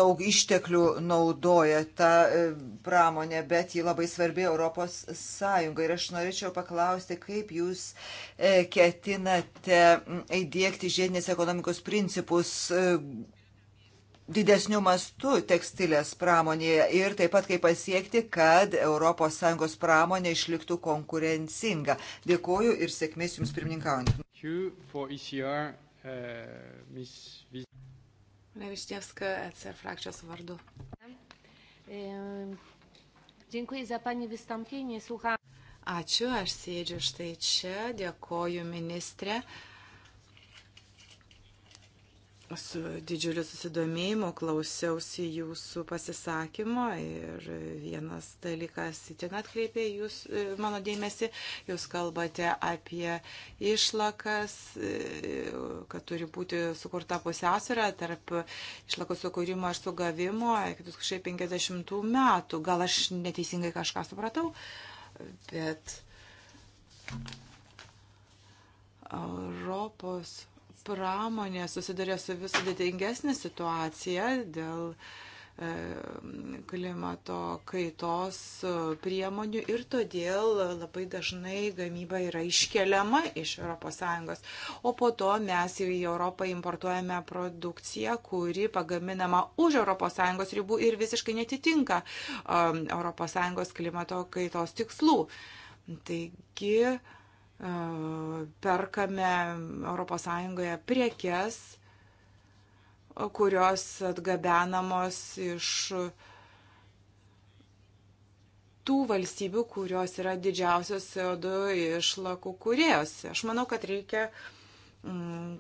daug išteklių naudoja tą e, pramonę, bet ji labai svarbi Europos Sąjungai. Ir aš norėčiau paklausti, kaip jūs ketinate įdėkti žienės ekonomikos principus didesnių mastų tekstilės pramonėje ir taip pat kaip pasiekti, kad ES pramonė išliktų konkurencinga. Dėkuoju ir sėkmės Jums pirmininkaujant. Nevištievska, uh, ECR frakcijos vardu. Dziękuję za Pani wystąpienie. Słucham. Ačiū, aš sėdžiu štai čia. Dėkoju ministrė. Uh, su didžiuliu susidomėjimu klausiausi jūsų pasisakymo ir vienas dalykas įtin atkreipė jūs, e, mano dėmesį, jūs kalbate apie išlakas, e, kad turi būti sukurta pusiausvėra tarp išlakų sukūrimo ir sugavimo iki 2050 metų. Gal aš neteisingai kažką supratau, bet Europos pramonė susiduria su vis sudėtingesnė situacija dėl e, klimato kaitos e, priemonių ir todėl labai dažnai gamyba yra iškeliama iš ES. O po to mes į Europą importuojame produkciją, kuri pagaminama už ES ribų ir visiškai netitinka e, ES klimato kaitos tikslų. Taigi, perkame ES priekes, kurios atgabenamos iš tų valstybių, kurios yra didžiausios CO2 išlakų kuriejos. Aš manau, kad reikia mm,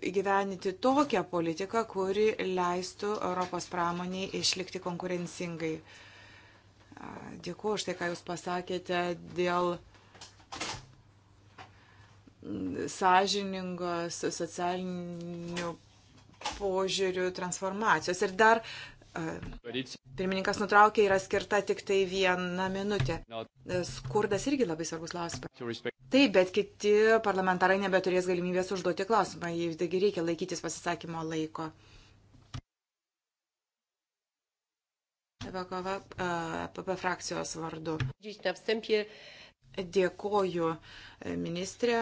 gyveninti tokią politiką, kuri leistų Europos pramoniai išlikti konkurencingai. Dėkuoju už tai, ką Jūs pasakėte dėl sąžiningos socialinių požiūrių transformacijos. Ir dar e, pirmininkas nutraukė, yra skirta tik tai viena minutė. Skurdas irgi labai svarbus klausimas. Taip, bet kiti parlamentarai nebeturės galimybės užduoti klausimą, taigi reikia laikytis pasisakymo laiko. Evakova, PP e, frakcijos vardu. Dziś na wstępie Dėkoju, ministrė.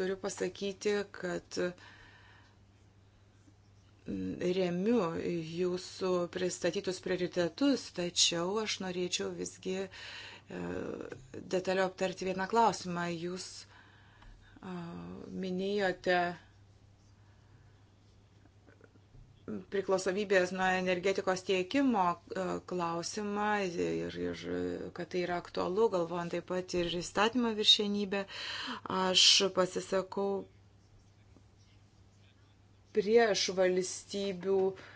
Turiu pasakyti, kad remiu jūsų pristatytus prioritetus, tačiau aš norėčiau visgi e, detaliau aptarti vieną klausimą. Jūs e, minėjote priklausomybės nuo energetikos tiekimo e, klausimą ir, ir kad tai yra aktualu, galvojant taip pat ir įstatymo viršienybę, aš pasisakau prieš valstybių uh,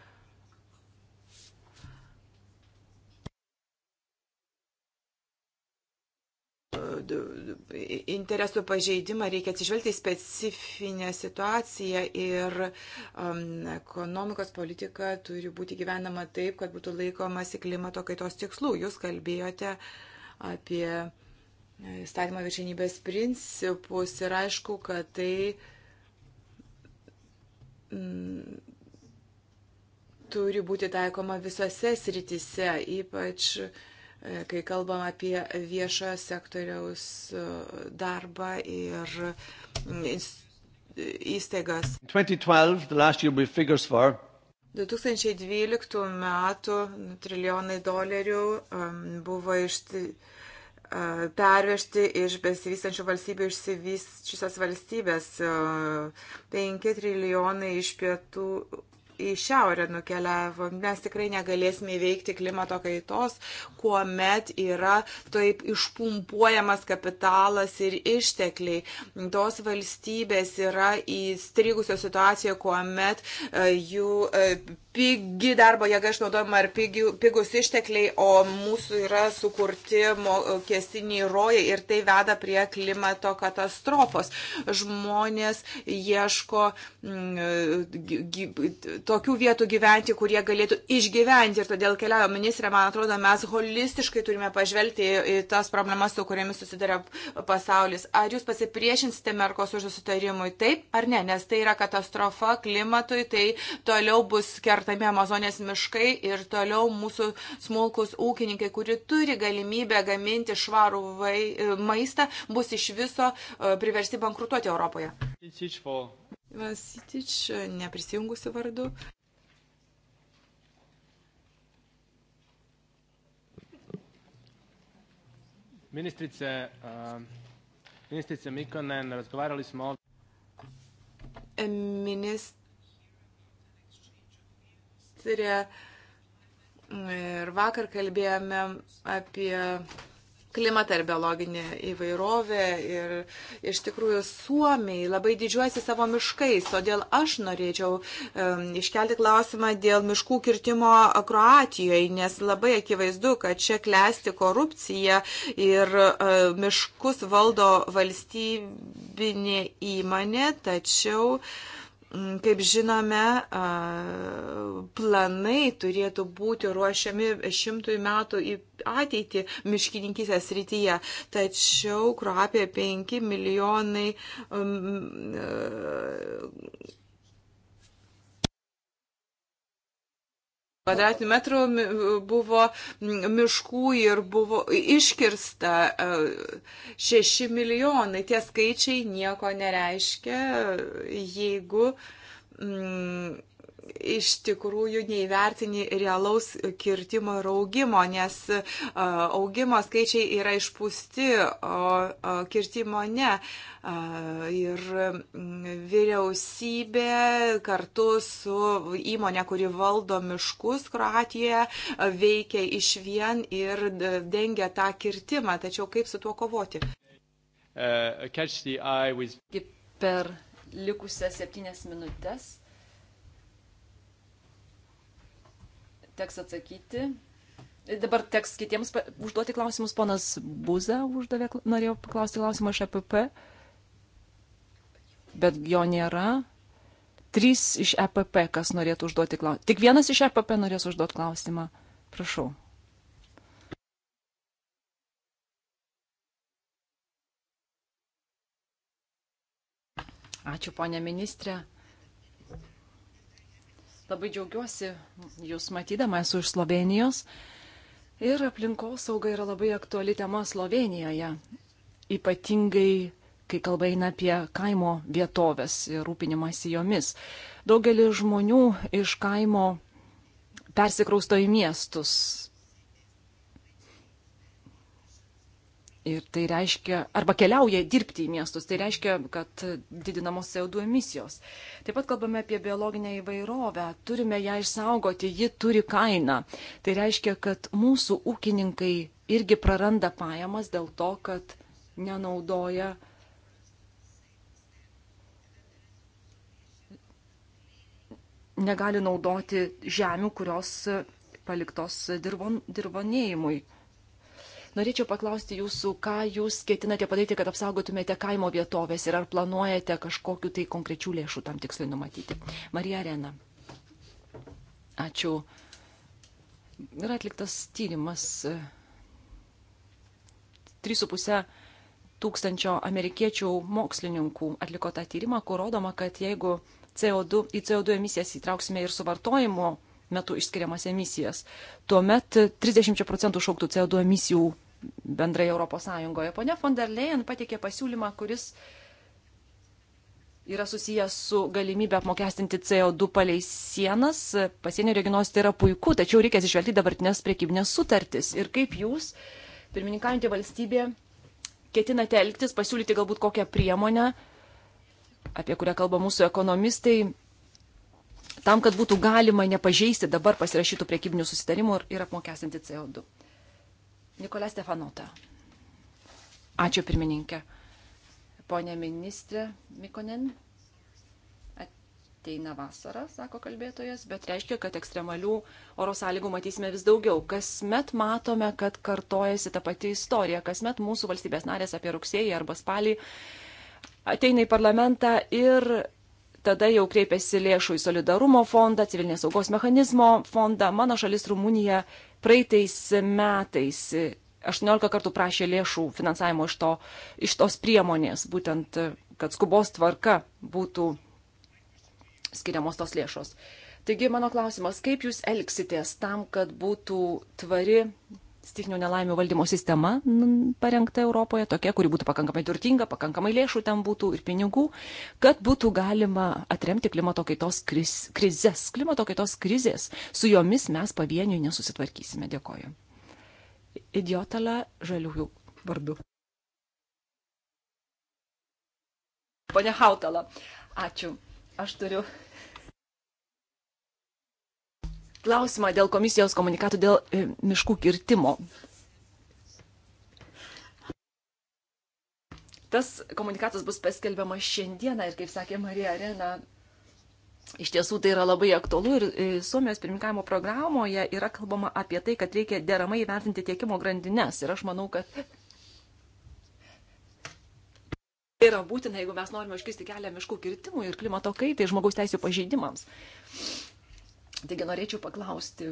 interesų pažeidimą reikia atsižvelgti į specifinę situaciją ir um, ekonomikos politika turi būti gyvenama taip, kad būtų laikomasi klimato kaitos tikslų. Jūs kalbėjote apie e, įstatymo viršinybės principus ir aišku, kad tai mm, turi būti taikoma visose sritise, ypač uh, kai kalbam apie viešojo sektoriaus e, darbą ir įstaigas. 2012, 2012 metų trilijonai dolerių buvo iš e, pervežti iš besivystančių valstybių išsivysčiusias valstybės. 5 e, trilijonai iš pietų į šiaurę nukeliavom. Mes tikrai negalėsime įveikti klimato kaitos, kuomet yra taip išpumpuojamas kapitalas ir ištekliai. Tos valstybės yra įstrigusios situacijoje, kuomet e, jų e, pigi darbo jėga išnaudojama ir pigi, pigus ištekliai, o mūsų yra sukurti mokestiniai rojai ir tai veda prie klimato katastrofos. Žmonės ieško e, to tokių vietų gyventi, kurie galėtų išgyventi. Ir todėl keliaujo ministrė, man atrodo, mes holistiškai turime pažvelgti į tas problemas, su kuriamis susidarė pasaulis. Ar jūs pasipriešinsite Merkosur susitarimui taip ar ne? Nes tai yra katastrofa klimatui, tai toliau bus kertami Amazonės miškai ir toliau mūsų smulkus ūkininkai, kuri turi galimybę gaminti švarų vai, maistą, bus iš viso e, priversti bankrutuoti Europoje. Sitič, neprisijungusi vardu. Ministrice, uh, ministrice Mikonen, razgovarali smo ovdje. Ministrė, ir mm, vakar kalbėjome apie klimatą ir biologinę įvairovę. Ir iš tikrųjų Suomiai labai didžiuojasi savo miškais, todėl aš norėčiau um, iškelti klausimą dėl miškų kirtimo Kroatijoje, nes labai akivaizdu, kad čia klesti korupcija ir uh, miškus valdo valstybinė įmonė, tačiau uh, Mm, kaip žinome, planai turėtų būti ruošiami šimtųjų metų į ateitį miškininkysės rytyje, tačiau Kroatija 5 milijonai mm, kvadratinių metrų buvo miškų ir buvo iškirsta 6 e, milijonai. Tie skaičiai nieko nereiškia, jeigu mm, iš tikrųjų neįvertini realaus kirtimo ir augimo, nes e, augimo skaičiai yra išpūsti, o kirtimo ne. E, ir mm, vyriausybė kartu su įmonė, kuri valdo miškus Kroatijoje, e, veikia iš vien ir dengia tą kirtimą. Tačiau kaip su tuo kovoti? Uh, with... Per likusias septynias minutės teks atsakyti. E, dabar teks kitiems užduoti klausimus. Ponas Buza uždavė, norėjo paklausti klausimą iš APP, e bet jo nėra. Trys iš EPP, kas norėtų užduoti klausimą. Tik vienas iš EPP norės užduoti klausimą. Prašau. Ačiū, ponė ministrė. Labai džiaugiuosi Jūs matydama, esu iš Slovenijos. Ir aplinkos sauga yra labai aktuali tema Slovenijoje. Ypatingai, kai kalba eina apie kaimo vietovės ir rūpinimąsi jomis. Daugelis žmonių iš kaimo persikrausto į miestus Ir tai reiškia, arba keliauja dirbti į miestus, tai reiškia, kad didinamos CO2 emisijos. Taip pat kalbame apie biologinę įvairovę, turime ją išsaugoti, ji turi kainą. Tai reiškia, kad mūsų ūkininkai irgi praranda pajamas dėl to, kad nenaudoja negali naudoti žemių, kurios paliktos dirbon, dirbonėjimui. Norėčiau paklausti jūsų, ką jūs ketinate padaryti, kad apsaugotumėte kaimo vietovės ir ar planuojate kažkokiu tai konkrečių lėšų tam tikslai numatyti. Marija Arena. Ačiū. Yra atliktas tyrimas. 3,5 e, tūkstančio amerikiečių mokslininkų atliko tą tyrimą, kur rodoma, kad jeigu CO2, į CO2 emisijas įtrauksime ir suvartojimo metu išskiriamas emisijas, tuomet 30 procentų šauktų CO2 emisijų bendrai Europos Sąjungoje. Pone von der Leyen pateikė pasiūlymą, kuris yra susijęs su galimybė apmokestinti CO2 palei sienas. Pasienio regionuose tai yra puiku, tačiau reikia atsižvelgti dabartinės priekybinės sutartis. Ir kaip jūs, pirmininkaujantį valstybė, ketinate elgtis, pasiūlyti galbūt kokią priemonę, apie kurią kalba mūsų ekonomistai, tam, kad būtų galima nepažeisti dabar pasirašytų priekybinių susitarimų ir apmokestinti CO2. Nikola Stefanota. Ačiū pirmininkė. Pone ministrė Mikonen, ateina vasara, sako kalbėtojas, bet reiškia, kad ekstremalių oro sąlygų matysime vis daugiau. Kasmet matome, kad kartojasi ta pati istorija. Kasmet mūsų valstybės narės apie rugsėjį arba spalį ateina į parlamentą ir tada jau kreipiasi lėšų į solidarumo fondą, civilinės saugos mechanizmo fondą. Mano šalis Rumunija praeitais metais 18 e, kartų prašė lėšų finansavimo iš, to, iš tos priemonės, būtent e, kad skubos tvarka būtų skiriamos tos lėšos. Taigi mano klausimas, kaip jūs elgsitės tam, kad būtų tvari stichinio nelaimio valdymo sistema parengta Europoje, tokia, kuri būtų pakankamai turtinga, pakankamai lėšų ten būtų ir pinigų, kad būtų galima atremti klimato kaitos kriz, krizės. Klimato kaitos krizės, su jomis mes pavieniui nesusitvarkysime. Dėkoju. Idiotala žaliųjų vardu. Pane Hautala, ačiū. Aš turiu klausimą dėl komisijos komunikatų dėl e, miškų kirtimo. Tas komunikatas bus paskelbiamas šiandieną ir, kaip sakė Marija Arena, iš tiesų tai yra labai aktualu ir e, Suomijos pirmininkavimo programoje yra kalbama apie tai, kad reikia deramai įvertinti tiekimo grandinės. Ir aš manau, kad tai yra būtina, jeigu mes norime užkisti kelią miškų kirtimui ir klimato kaitai, žmogaus teisų pažeidimams. Taigi norėčiau paklausti.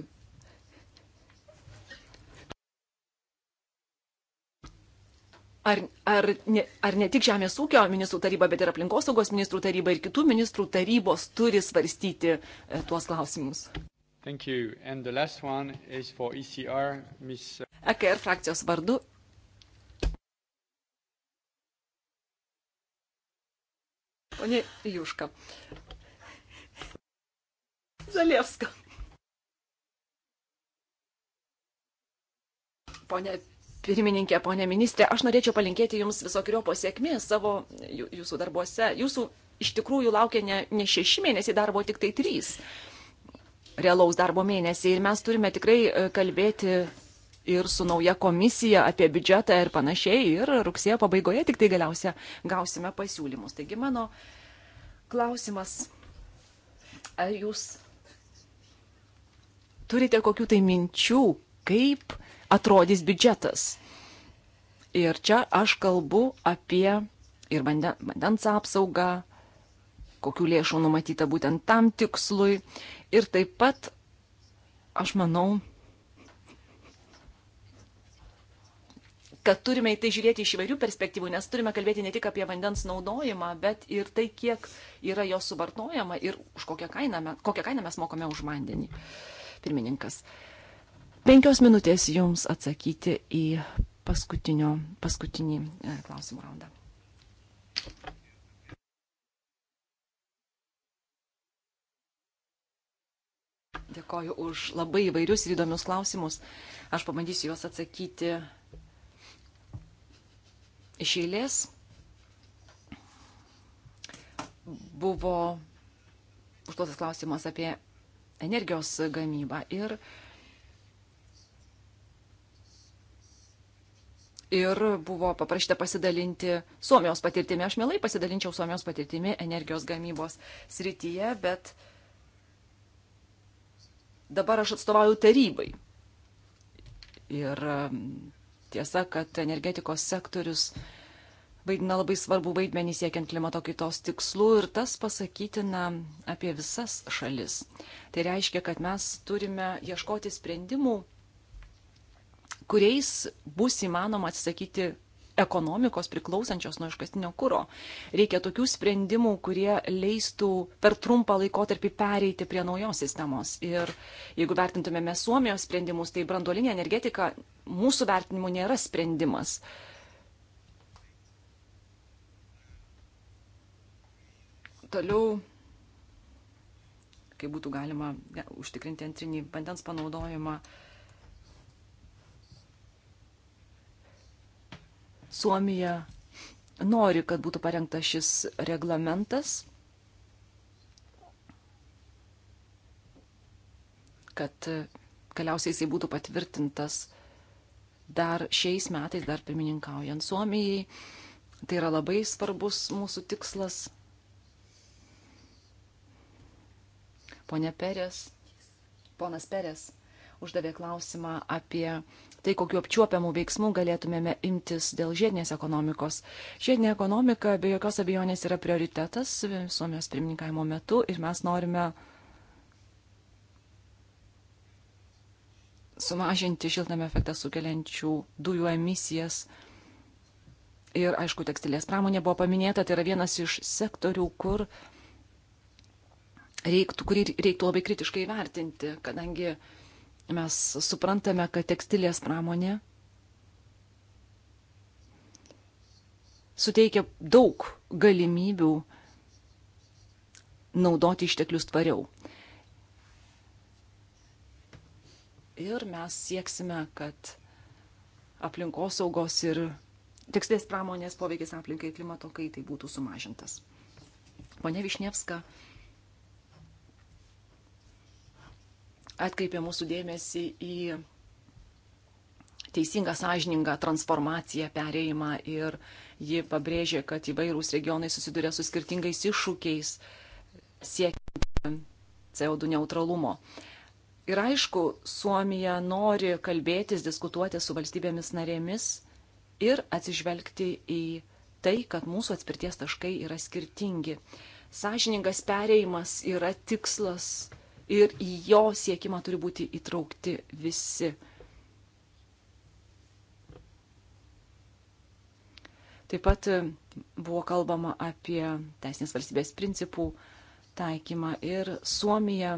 Ar, ar, ne, ar ne tik Žemės ūkio ministrų taryba, bet ir aplinkosaugos ministrų taryba ir kitų ministrų tarybos turi svarstyti e, tuos klausimus? Thank you. And the last one is for ECR, Ms. Uh, EKR frakcijos vardu Pone Juška, Zalievska. Pone pirmininkė, ponė ministrė, aš norėčiau palinkėti Jums visokiojo pasiekmės savo Jūsų darbuose. Jūsų iš tikrųjų laukia ne, ne šeši mėnesiai darbo, tik tai trys realaus darbo mėnesiai. Ir mes turime tikrai e, kalbėti ir su nauja komisija apie biudžetą ir panašiai. Ir rugsėjo pabaigoje tik tai galiausia gausime pasiūlymus. Taigi mano klausimas, ar jūs turite kokių tai minčių, kaip atrodys biudžetas. Ir čia aš kalbu apie ir vandens apsaugą, kokių lėšų numatyta būtent tam tikslui. Ir taip pat, aš manau, kad turime į tai žiūrėti iš įvairių perspektyvų, nes turime kalbėti ne tik apie vandens naudojimą, bet ir tai, kiek yra jo suvartojama ir už kokią kainą, kokią kainą mes mokame už vandenį. Uh, Pirmininkas. Penkios minutės jums atsakyti į paskutinį e, klausimų raundą. Dėkoju už labai įvairius ir įdomius klausimus. Aš pabandysiu juos atsakyti iš eilės. Buvo užduotas klausimas apie energijos gamybą. Ir, ir buvo paprašyta pasidalinti Suomijos patirtimi. Aš mielai pasidalinčiau Suomijos patirtimi energijos gamybos srityje, bet dabar aš atstovauju tarybai. Ir tiesa, kad energetikos sektorius uh, vaidina labai svarbu vaidmenį siekiant klimato kaitos tikslų ir tas pasakytina apie visas šalis. Tai reiškia, kad mes turime ieškoti sprendimų, kuriais bus įmanoma atsisakyti ekonomikos priklausančios nuo iškastinio kūro. Reikia tokių sprendimų, kurie leistų per trumpą laikotarpį pereiti prie naujos sistemos. Ir jeigu vertintumėme Suomijos sprendimus, tai branduolinė energetika mūsų vertinimu nėra sprendimas. Uh, toliau, kai būtų galima ja, užtikrinti antrinį vandens panaudojimą. Suomija nori, kad būtų parengtas šis reglamentas, kad galiausiai jisai būtų patvirtintas dar šiais metais, dar pirmininkaujant Suomijai. Tai yra labai svarbus mūsų tikslas. Pone Perės, ponas Perės uždavė klausimą apie tai, kokiu apčiuopiamų veiksmų galėtumėme imtis dėl žiedinės ekonomikos. Žiedinė ekonomika be jokios abejonės yra prioritetas Suomijos pirmininkavimo metu ir mes norime sumažinti šiltnamio efektą sukeliančių dujų emisijas. Ir aišku, tekstilės pramonė buvo paminėta, tai yra vienas iš sektorių, kur uh, reiktų, kurį reiktų labai kritiškai vertinti, kadangi mes suprantame, kad tekstilės pramonė suteikia daug galimybių naudoti išteklius tvariau. Ir mes sieksime, kad aplinkosaugos ir tekstilės pramonės poveikis aplinkai klimato kaitai būtų sumažintas. Pone Višnievska, atkreipė mūsų dėmesį į teisingą, sąžiningą transformaciją, perėjimą ir ji pabrėžė, kad įvairūs regionai susiduria su skirtingais iššūkiais siekiant CO2 neutralumo. Ir aišku, Suomija nori kalbėtis, diskutuoti su valstybėmis narėmis ir atsižvelgti į tai, kad mūsų atspirties taškai yra skirtingi. Sažiningas pereimas yra tikslas ir į jo siekimą turi būti įtraukti visi. Taip pat e, buvo kalbama apie teisinės valstybės principų taikymą ir Suomija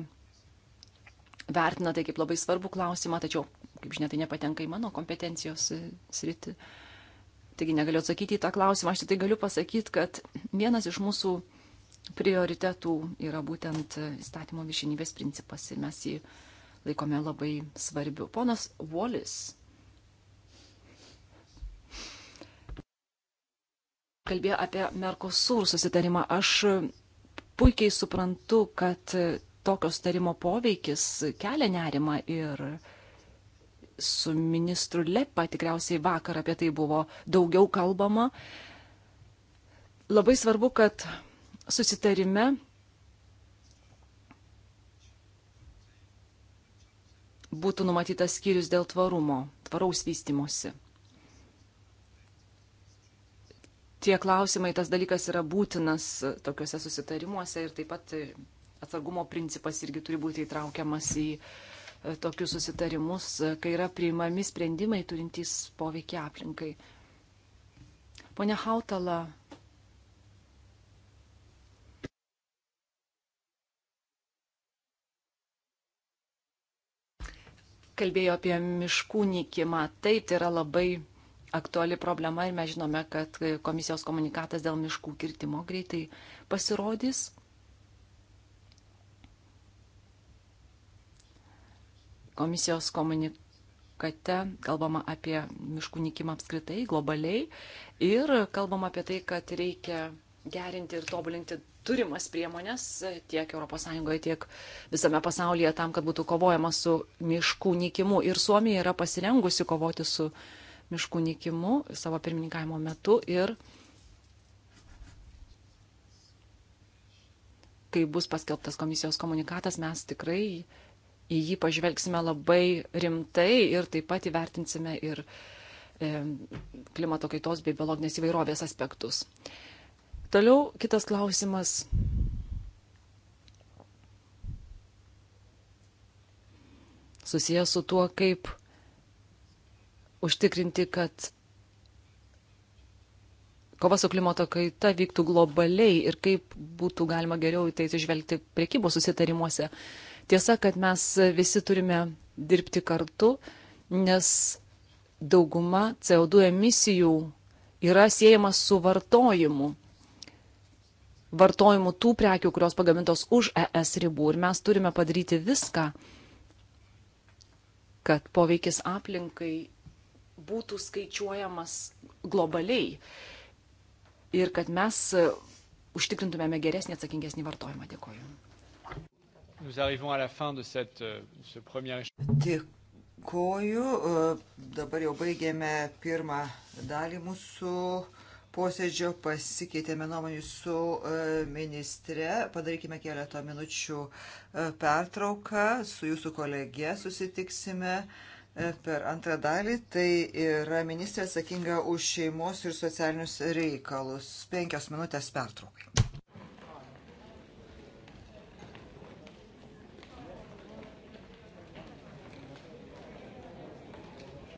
vertina tai kaip labai svarbu klausimą, tačiau, kaip žinia, tai nepatenka į mano kompetencijos e, sritį. Taigi negaliu atsakyti į tą klausimą, aš tik tai galiu pasakyti, kad vienas iš mūsų prioritetų yra būtent įstatymo viršinybės principas ir mes jį laikome labai svarbiu. Ponas Volis kalbėjo apie Merkosur susitarimą. Aš puikiai suprantu, kad tokio sutarimo poveikis kelia nerimą ir su ministru Lepa tikriausiai vakar apie tai buvo daugiau kalbama. Labai svarbu, kad susitarime būtų numatytas skyrius dėl tvarumo, tvaraus vystimosi. Tie klausimai, tas dalykas yra būtinas tokiuose susitarimuose ir taip pat atsargumo principas irgi turi būti įtraukiamas į e, tokius susitarimus, kai yra priimami sprendimai turintys poveikia aplinkai. Pone Hautala kalbėjo apie miškų nykimą. Taip, tai yra labai aktuali problema ir mes žinome, kad komisijos komunikatas dėl miškų kirtimo greitai pasirodys. Komisijos komunikate kalbama apie miškų nykimą apskritai, globaliai ir kalbama apie tai, kad reikia gerinti ir tobulinti turimas priemonės e, tiek ES, tiek visame pasaulyje tam, kad būtų kovojama su miškų nykimu. Ir Suomija yra pasirengusi kovoti su miškų nykimu savo pirmininkavimo metu ir kai bus paskelbtas komisijos komunikatas, mes tikrai į jį pažvelgsime labai rimtai ir taip pat įvertinsime ir e, klimato kaitos bei biologinės įvairovės aspektus. Toliau kitas klausimas. Susijęs su tuo, kaip užtikrinti, kad kova su klimato kaita vyktų globaliai ir kaip būtų galima geriau į tai atsižvelgti priekybos susitarimuose. Tiesa, kad mes visi turime dirbti kartu, nes dauguma CO2 emisijų yra siejama su vartojimu vartojimu tų prekių, kurios pagamintos už ES ribų. Ir mes turime padaryti viską, kad poveikis aplinkai būtų skaičiuojamas globaliai ir kad mes e, užtikrintumėme geresnį, atsakingesnį vartojimą. Dėkoju. Euh, Dėkoju. Dabar jau baigėme pirmą dalį mūsų posėdžio pasikeitėme nuomonį su e, ministre. Padarykime keletą minučių e, pertrauką, su jūsų kolege susitiksime e, per antrą dalį. Tai yra ministrė atsakinga už šeimos ir socialinius reikalus. Penkios minutės pertraukai.